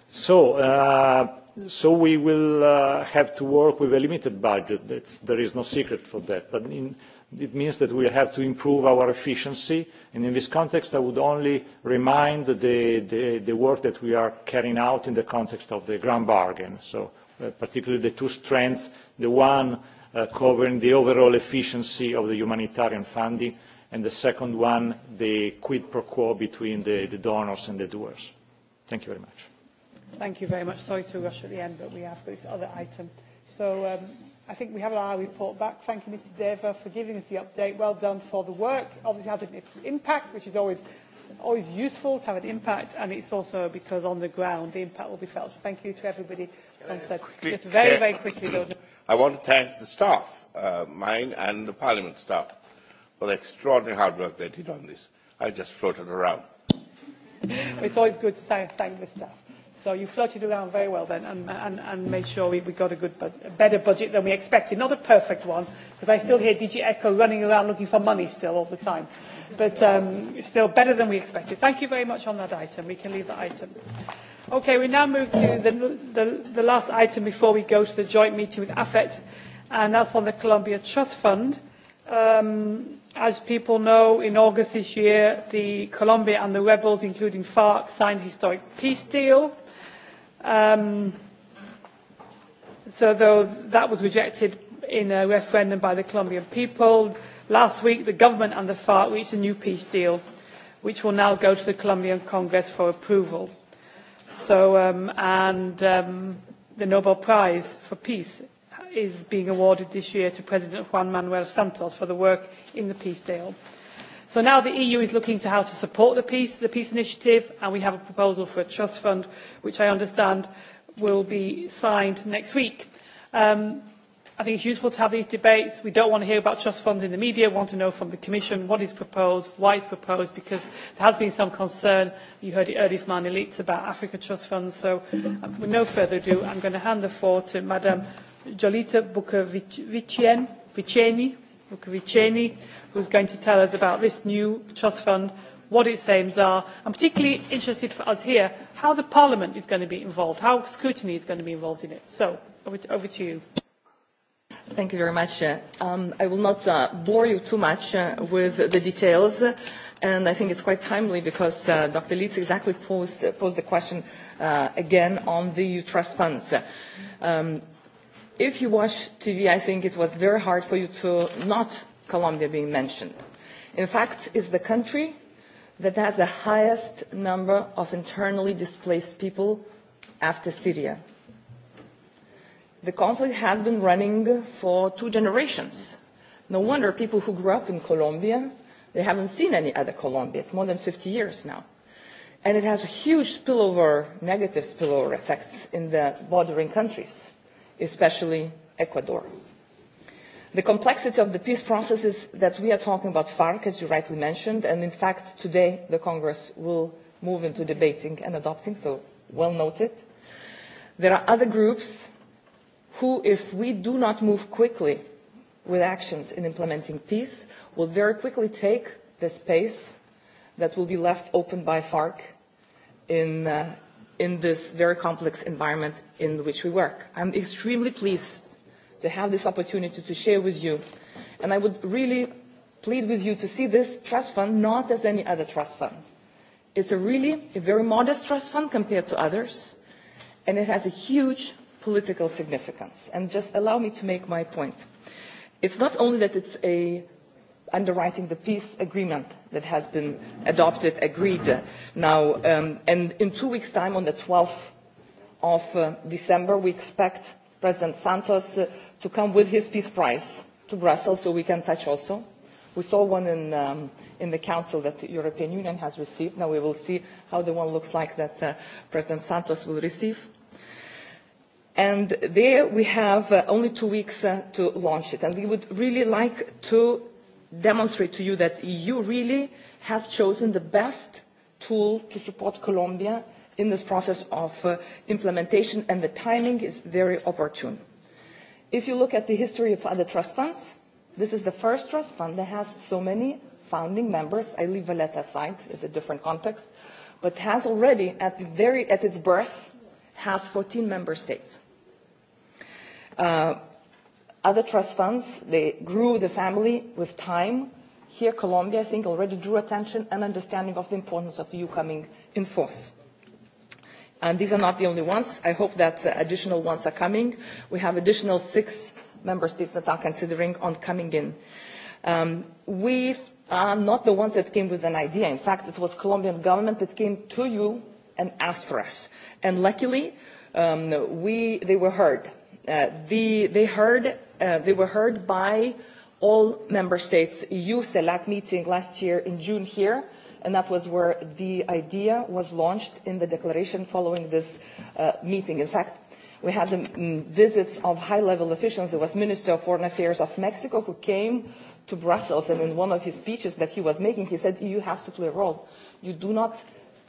L: So, uh, so we will uh, have to work with a limited budget. That's, there is no secret for that. But in, it means that we have to improve our efficiency. And in this context, I would only remind the, the, the work that we are carrying out in the context of the grand bargain. So uh, particularly the two strands, the one uh, covering the overall efficiency of the humanitarian funding, and the second one, the quid pro quo between the, the donors and the doers. Thank you very much.
A: Thank you very much. Sorry to rush at the end, but we have this other item. So, um, I think we have our report back. Thank you, Mr. Deva, for giving us the update. Well done for the work. Obviously, had an impact, which is always always useful to have an impact, and it's also because on the ground the impact will be felt. Thank you to everybody. Just very, very quickly,
J: though. I want to thank the staff, uh, mine and the Parliament staff, for the extraordinary hard work they did on this. I just floated around.
A: it's always good to thank, thank the staff. So you floated around very well then and, and, and made sure we, we got a good budget, a better budget than we expected. Not a perfect one, because I still hear DG Echo running around looking for money still all the time. But um, still better than we expected. Thank you very much on that item. We can leave the item. Okay, we now move to the, the, the last item before we go to the joint meeting with AFET, and that's on the Columbia Trust Fund. Um, as people know, in August this year, the Colombia and the rebels, including FARC, signed a historic peace deal Um, so though that was rejected in a referendum by the Colombian people, last week the government and the FARC reached a new peace deal, which will now go to the Colombian Congress for approval. So, um, and um, the Nobel Prize for Peace is being awarded this year to President Juan Manuel Santos for the work in the peace deal. So now the EU is looking to how to support the peace, the peace initiative, and we have a proposal for a trust fund, which I understand will be signed next week. Um, I think it's useful to have these debates. We don't want to hear about trust funds in the media. We want to know from the Commission what is proposed, why it's proposed, because there has been some concern. You heard it earlier from Arne Leitz about Africa trust funds. So uh, with no further ado, I'm going to hand the floor to Madam Jolita Bukoviceni. Bukoviceni who is going to tell us about this new trust fund, what its aims are. I'm particularly interested for us here how the Parliament is going to be involved, how scrutiny is going to be involved in it. So over to, over to you.
M: Thank you very much. Uh, um, I will not uh, bore you too much uh, with the details, and I think it's quite timely because uh, Dr. Leeds exactly posed, posed the question uh, again on the EU trust funds. Um, if you watch TV, I think it was very hard for you to not Colombia being mentioned. In fact, it's the country that has the highest number of internally displaced people after Syria. The conflict has been running for two generations. No wonder people who grew up in Colombia, they haven't seen any other Colombia. It's more than 50 years now. And it has huge spillover, negative spillover effects in the bordering countries, especially Ecuador. The complexity of the peace processes that we are talking about FARC, as you rightly mentioned, and in fact today the Congress will move into debating and adopting, so well noted. There are other groups who, if we do not move quickly with actions in implementing peace, will very quickly take the space that will be left open by FARC in, uh, in this very complex environment in which we work. I'm extremely pleased to have this opportunity to share with you. And I would really plead with you to see this trust fund not as any other trust fund. It's a really a very modest trust fund compared to others, and it has a huge political significance. And just allow me to make my point. It's not only that it's a underwriting the peace agreement that has been adopted, agreed now, um, and in two weeks' time, on the 12th of uh, December, we expect President Santos uh, to come with his peace prize to Brussels so we can touch also. We saw one in, um, in the Council that the European Union has received. Now we will see how the one looks like that uh, President Santos will receive. And there we have uh, only two weeks uh, to launch it. And we would really like to demonstrate to you that EU really has chosen the best tool to support Colombia in this process of uh, implementation, and the timing is very opportune. If you look at the history of other trust funds, this is the first trust fund that has so many founding members. I leave Valletta aside; it's a different context, but has already at the very at its birth has 14 member states. Uh, other trust funds they grew the family with time. Here, Colombia, I think, already drew attention and understanding of the importance of the EU coming in force. And these are not the only ones. I hope that uh, additional ones are coming. We have additional six member states that are considering on coming in. Um, we are not the ones that came with an idea. In fact, it was Colombian government that came to you and asked for us. And luckily, um, we, they were heard. Uh, the, they, heard uh, they were heard by all member states. EU select meeting last year in June here and that was where the idea was launched in the declaration following this uh, meeting. In fact, we had the um, visits of high-level officials. There was Minister of Foreign Affairs of Mexico who came to Brussels, and in one of his speeches that he was making, he said, EU has to play a role. You do not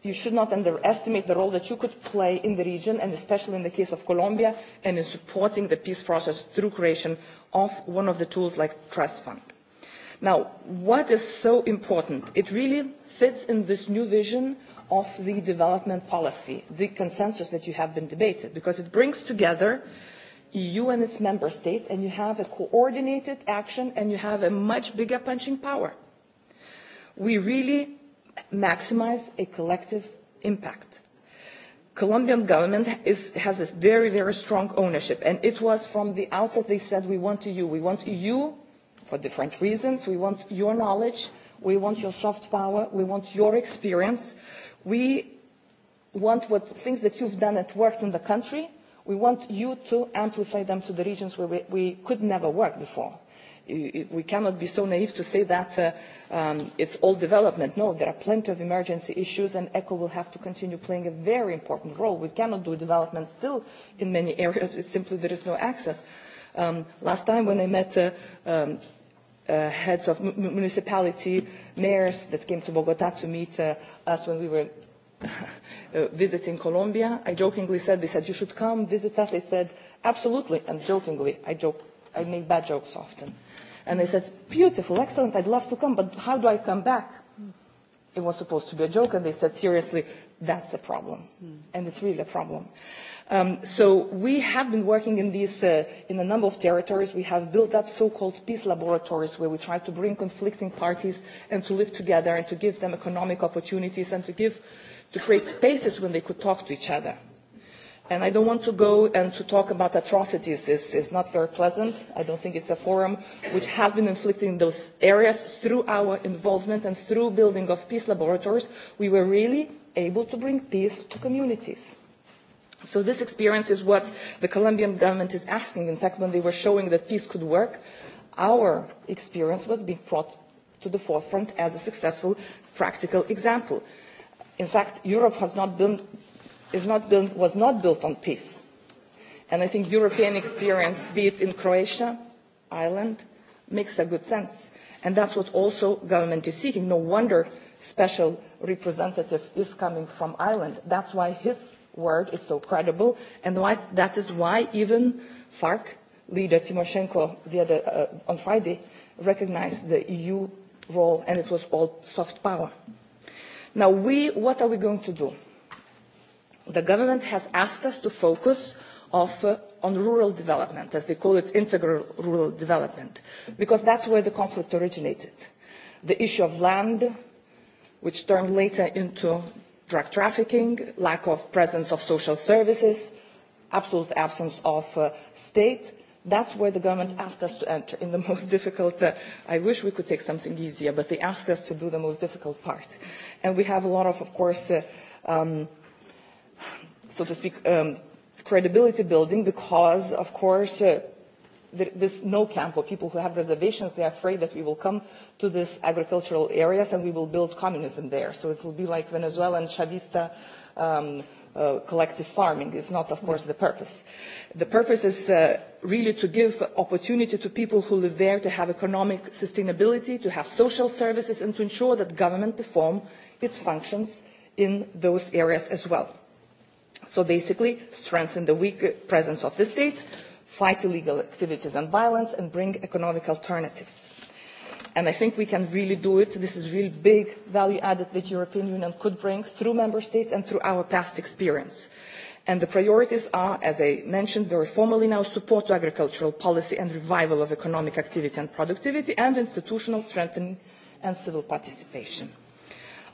M: you should not underestimate the role that you could play in the region and especially in the case of Colombia and in supporting the peace process through creation of one of the tools like trust fund. Now, what is so important? It really fits in this new vision of the development policy, the consensus that you have been debated, because it brings together EU and its member states, and you have a coordinated action, and you have a much bigger punching power. We really maximize a collective impact. Colombian government is, has a very, very strong ownership, and it was from the outset they said, we want EU. We want EU for different reasons. We want your knowledge, we want your soft power, we want your experience, we want what things that you've done that worked in the country, we want you to amplify them to the regions where we, we could never work before. We cannot be so naive to say that uh, um, it's all development. No, there are plenty of emergency issues, and ECHO will have to continue playing a very important role. We cannot do development still in many areas. It's simply there is no access. Um, last time when I met uh, um, uh, heads of m- municipality, mayors that came to Bogota to meet uh, us when we were uh, visiting Colombia. I jokingly said, they said, you should come visit us. They said, absolutely, and jokingly, I joke, I make bad jokes often. And they said, beautiful, excellent, I'd love to come, but how do I come back? It was supposed to be a joke, and they said, seriously, that's a problem. Mm. And it's really a problem. Um, so we have been working in this uh, in a number of territories. We have built up so-called peace laboratories where we try to bring conflicting parties and to live together and to give them economic opportunities and to give, to create spaces when they could talk to each other. And I don't want to go and to talk about atrocities. It's, it's not very pleasant. I don't think it's a forum which have been inflicting those areas through our involvement and through building of peace laboratories. We were really able to bring peace to communities So this experience is what the Colombian government is asking. In fact, when they were showing that peace could work, our experience was being brought to the forefront as a successful practical example. In fact, Europe has not been, is not been, was not built on peace. And I think European experience, be it in Croatia, Ireland, makes a good sense. And that's what also government is seeking. No wonder special representative is coming from Ireland. That's why his word is so credible. And that is why even FARC leader Timoshenko the other, uh, on Friday recognized the EU role, and it was all soft power. Now, we, what are we going to do? The government has asked us to focus of, uh, on rural development, as they call it, integral rural development, because that's where the conflict originated. The issue of land, which turned later into drug trafficking, lack of presence of social services, absolute absence of uh, state. That's where the government asked us to enter in the most difficult. Uh, I wish we could take something easier, but they asked us to do the most difficult part. And we have a lot of, of course, uh, um, so to speak, um, credibility building because, of course, uh, this no camp of people who have reservations, they are afraid that we will come to these agricultural areas and we will build communism there. So it will be like Venezuelan Chavista um, uh, collective farming is not, of course, the purpose. The purpose is uh, really to give opportunity to people who live there to have economic sustainability, to have social services, and to ensure that government perform its functions in those areas as well. So basically, strengthen the weak presence of the state, fight illegal activities and violence, and bring economic alternatives. And I think we can really do it. This is really big value added that European Union could bring through member states and through our past experience. And the priorities are, as I mentioned, very formally now support to agricultural policy and revival of economic activity and productivity and institutional strengthening and civil participation.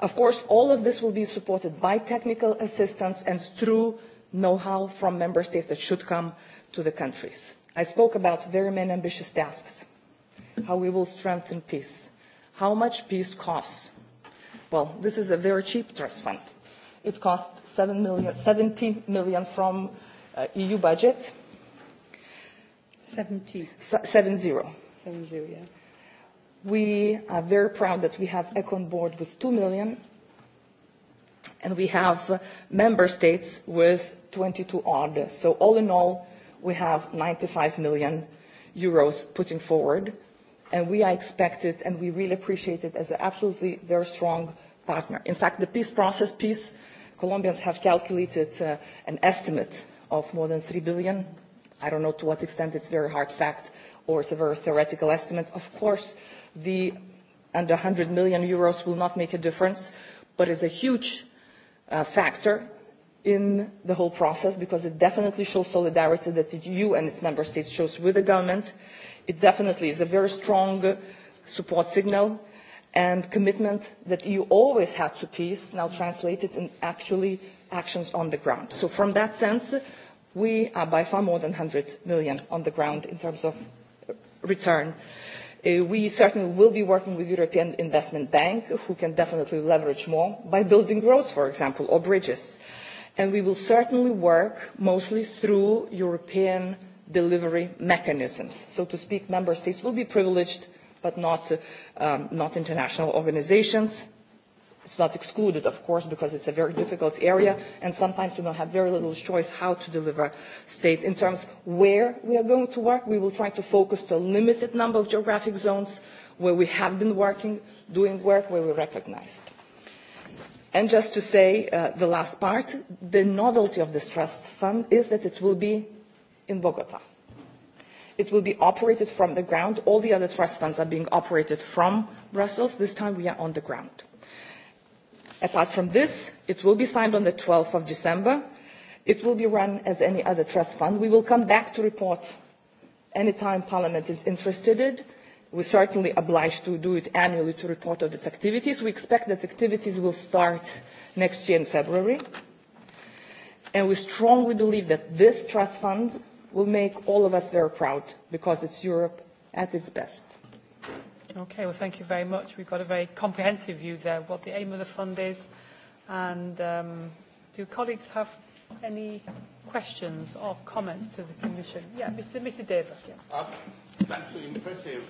M: Of course, all of this will be supported by technical assistance and through know-how from member states that should come to the countries. I spoke about very many ambitious tasks, how we will strengthen peace, how much peace costs. Well, this is a very cheap trust fund. It costs 7 million, 70 million from uh, EU budget. 70. S- seven zero. Seven zero, yeah. We are very proud that we have ECON board with 2 million, and we have member states with 22 odd. So all in all, we have 95 million euros putting forward, and we are expected, and we really appreciate it as an absolutely very strong partner. In fact, the peace process, piece, Colombians have calculated uh, an estimate of more than 3 billion. I don't know to what extent it's very hard fact or it's a very theoretical estimate. Of course, the under 100 million euros will not make a difference, but it's a huge uh, factor in the whole process because it definitely shows solidarity that the EU and its member states show with the government. It definitely is a very strong support signal and commitment that EU always had to peace, now translated in actually actions on the ground. So from that sense, we are by far more than 100 million on the ground in terms of return. Uh, we certainly will be working with the European Investment Bank, who can definitely leverage more by building roads, for example, or bridges. Uh, and we will certainly work mostly through European delivery mechanisms. So to speak, member states will be privileged, but not, um, not international organizations. It's not excluded, of course, because it's a very difficult area, and sometimes we will have very little choice how to deliver state. In terms of where we are going to work, we will try to focus to a limited number of geographic zones where we have been working, doing work, where we recognized. And just to say uh, the last part, the novelty of this trust fund is that it will be in Bogota. It will be operated from the ground. All the other trust funds are being operated from Brussels. This time we are on the ground. Apart from this, it will be signed on the 12th of December. It will be run as any other trust fund. We will come back to report anytime Parliament is interested. In we're certainly obliged to do it annually to report on its activities. We expect that activities will start next year in February. And we strongly believe that this trust fund will make all of us very proud because it's Europe at its best.
A: Okay, well, thank you very much. We've got a very comprehensive view there of what the aim of the fund is. And um, do colleagues have any questions or comments to the Commission? Yeah, Mr. Mr. Deva. Yeah.
J: Uh, that's impressive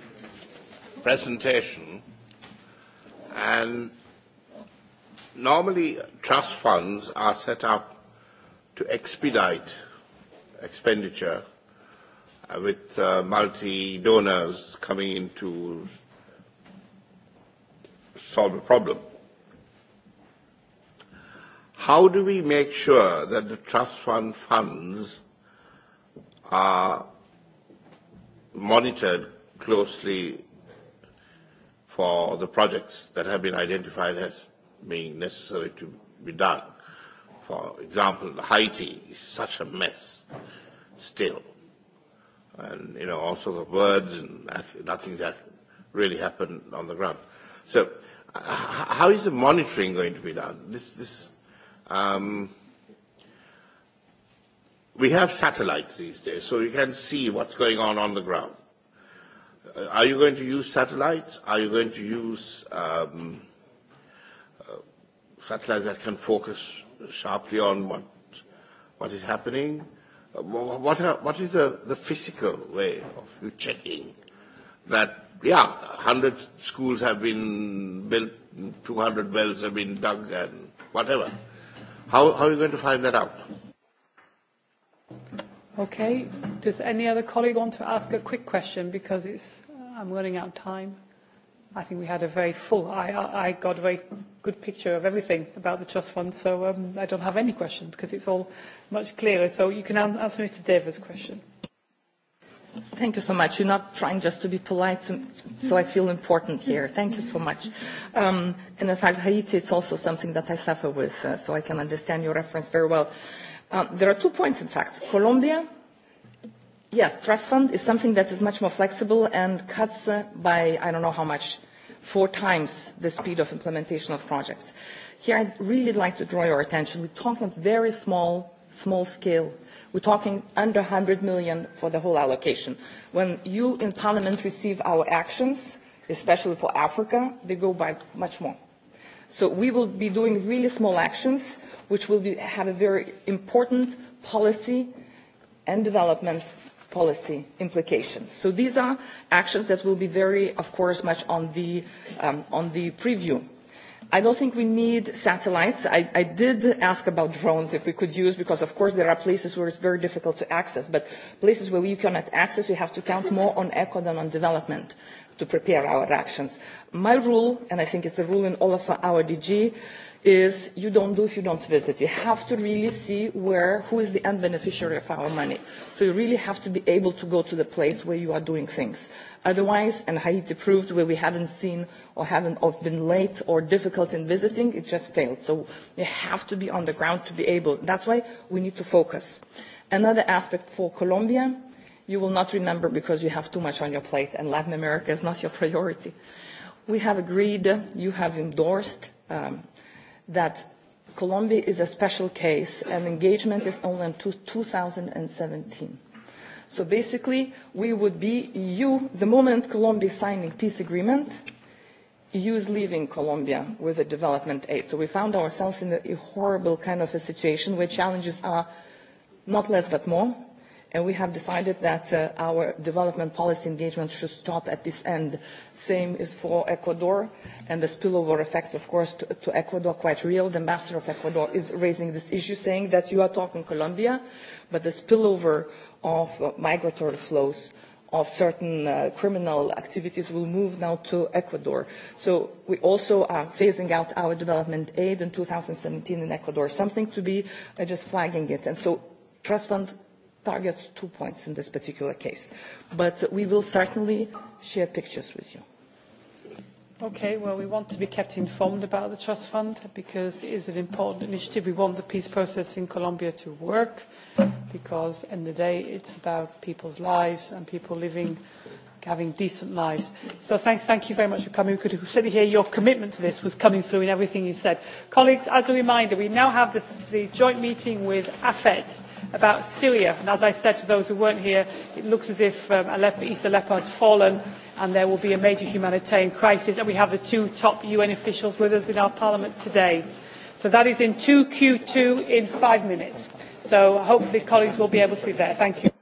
J: presentation, and normally trust funds are set up to expedite expenditure uh, with uh, multi-donors coming in to solve a problem. How do we make sure that the trust fund funds are monitored closely for the projects that have been identified as being necessary to be done. For example, Haiti is such a mess still. And, you know, all sorts of words and nothing that really happened on the ground. So how is the monitoring going to be done? This, this, um, we have satellites these days, so you can see what's going on on the ground are you going to use satellites? Are you going to use um, uh, satellites that can focus sharply on what, what is happening? Uh, what, are, what is the, the physical way of you checking that, yeah, 100 schools have been built, 200 wells have been dug, and whatever? How, how are you going to find that out?
A: Okay. Does any other colleague want to ask a quick question because it's I'm running out of time. I think we had a very full, I, I got a very good picture of everything about the trust fund, so um, I don't have any questions because it's all much clearer. So you can answer Mr. Davis' question.
M: Thank you so much. You're not trying just to be polite, to, so I feel important here. Thank you so much. Um, and in fact, Haiti is also something that I suffer with, uh, so I can understand your reference very well. Um, there are two points, in fact. Colombia yes, trust fund is something that is much more flexible and cuts uh, by I don't know how much, four times the speed of implementation of projects. Here I'd really like to draw your attention. We're talking very small, small scale. We're talking under 100 million for the whole allocation. When you in Parliament receive our actions, especially for Africa, they go by much more. So we will be doing really small actions, which will be, have a very important policy and development policy implications. So these are actions that will be very, of course, much on the, um, on the preview. I don't think we need satellites. I, I did ask about drones if we could use, because of course there are places where it's very difficult to access, but places where we cannot access, we have to count more on echo than on development to prepare our actions. My rule, and I think it's the rule in all of our DG, is you don't do if you don't visit. You have to really see where, who is the end beneficiary of our money. So you really have to be able to go to the place where you are doing things. Otherwise, and Haiti proved where we haven't seen or haven't or been late or difficult in visiting, it just failed. So you have to be on the ground to be able. That's why we need to focus. Another aspect for Colombia, you will not remember because you have too much on your plate and Latin America is not your priority. We have agreed, you have endorsed um, that Colombia is a special case and engagement is only until 2017. So basically, we would be EU, the moment Colombia is signing peace agreement, EU is leaving Colombia with a development aid. So we found ourselves in a horrible kind of a situation where challenges are not less but more and we have decided that uh, our development policy engagement should stop at this end. Same is for Ecuador, and the spillover effects, of course, to, to Ecuador quite real. The ambassador of Ecuador is raising this issue, saying that you are talking Colombia, but the spillover of uh, migratory flows of certain uh, criminal activities will move now to Ecuador. So we also are phasing out our development aid in 2017 in Ecuador, something to be uh, just flagging it. And so trust fund targets two points in this particular case. But we will certainly share pictures with you.
A: Okay, well, we want to be kept informed about the trust fund because it is an important initiative. We want the peace process in Colombia to work because, in the day, it's about people's lives and people living, having decent lives. So thank, thank you very much for coming. We could certainly hear your commitment to this was coming through in everything you said. Colleagues, as a reminder, we now have this, the joint meeting with AFET about Syria. And as I said to those who weren't here, it looks as if um, Aleppo, East Aleppo has fallen and there will be a major humanitarian crisis. And we have the two top UN officials with us in our parliament today. So that is in 2Q2 in five minutes. So hopefully colleagues will be able to be there. Thank you.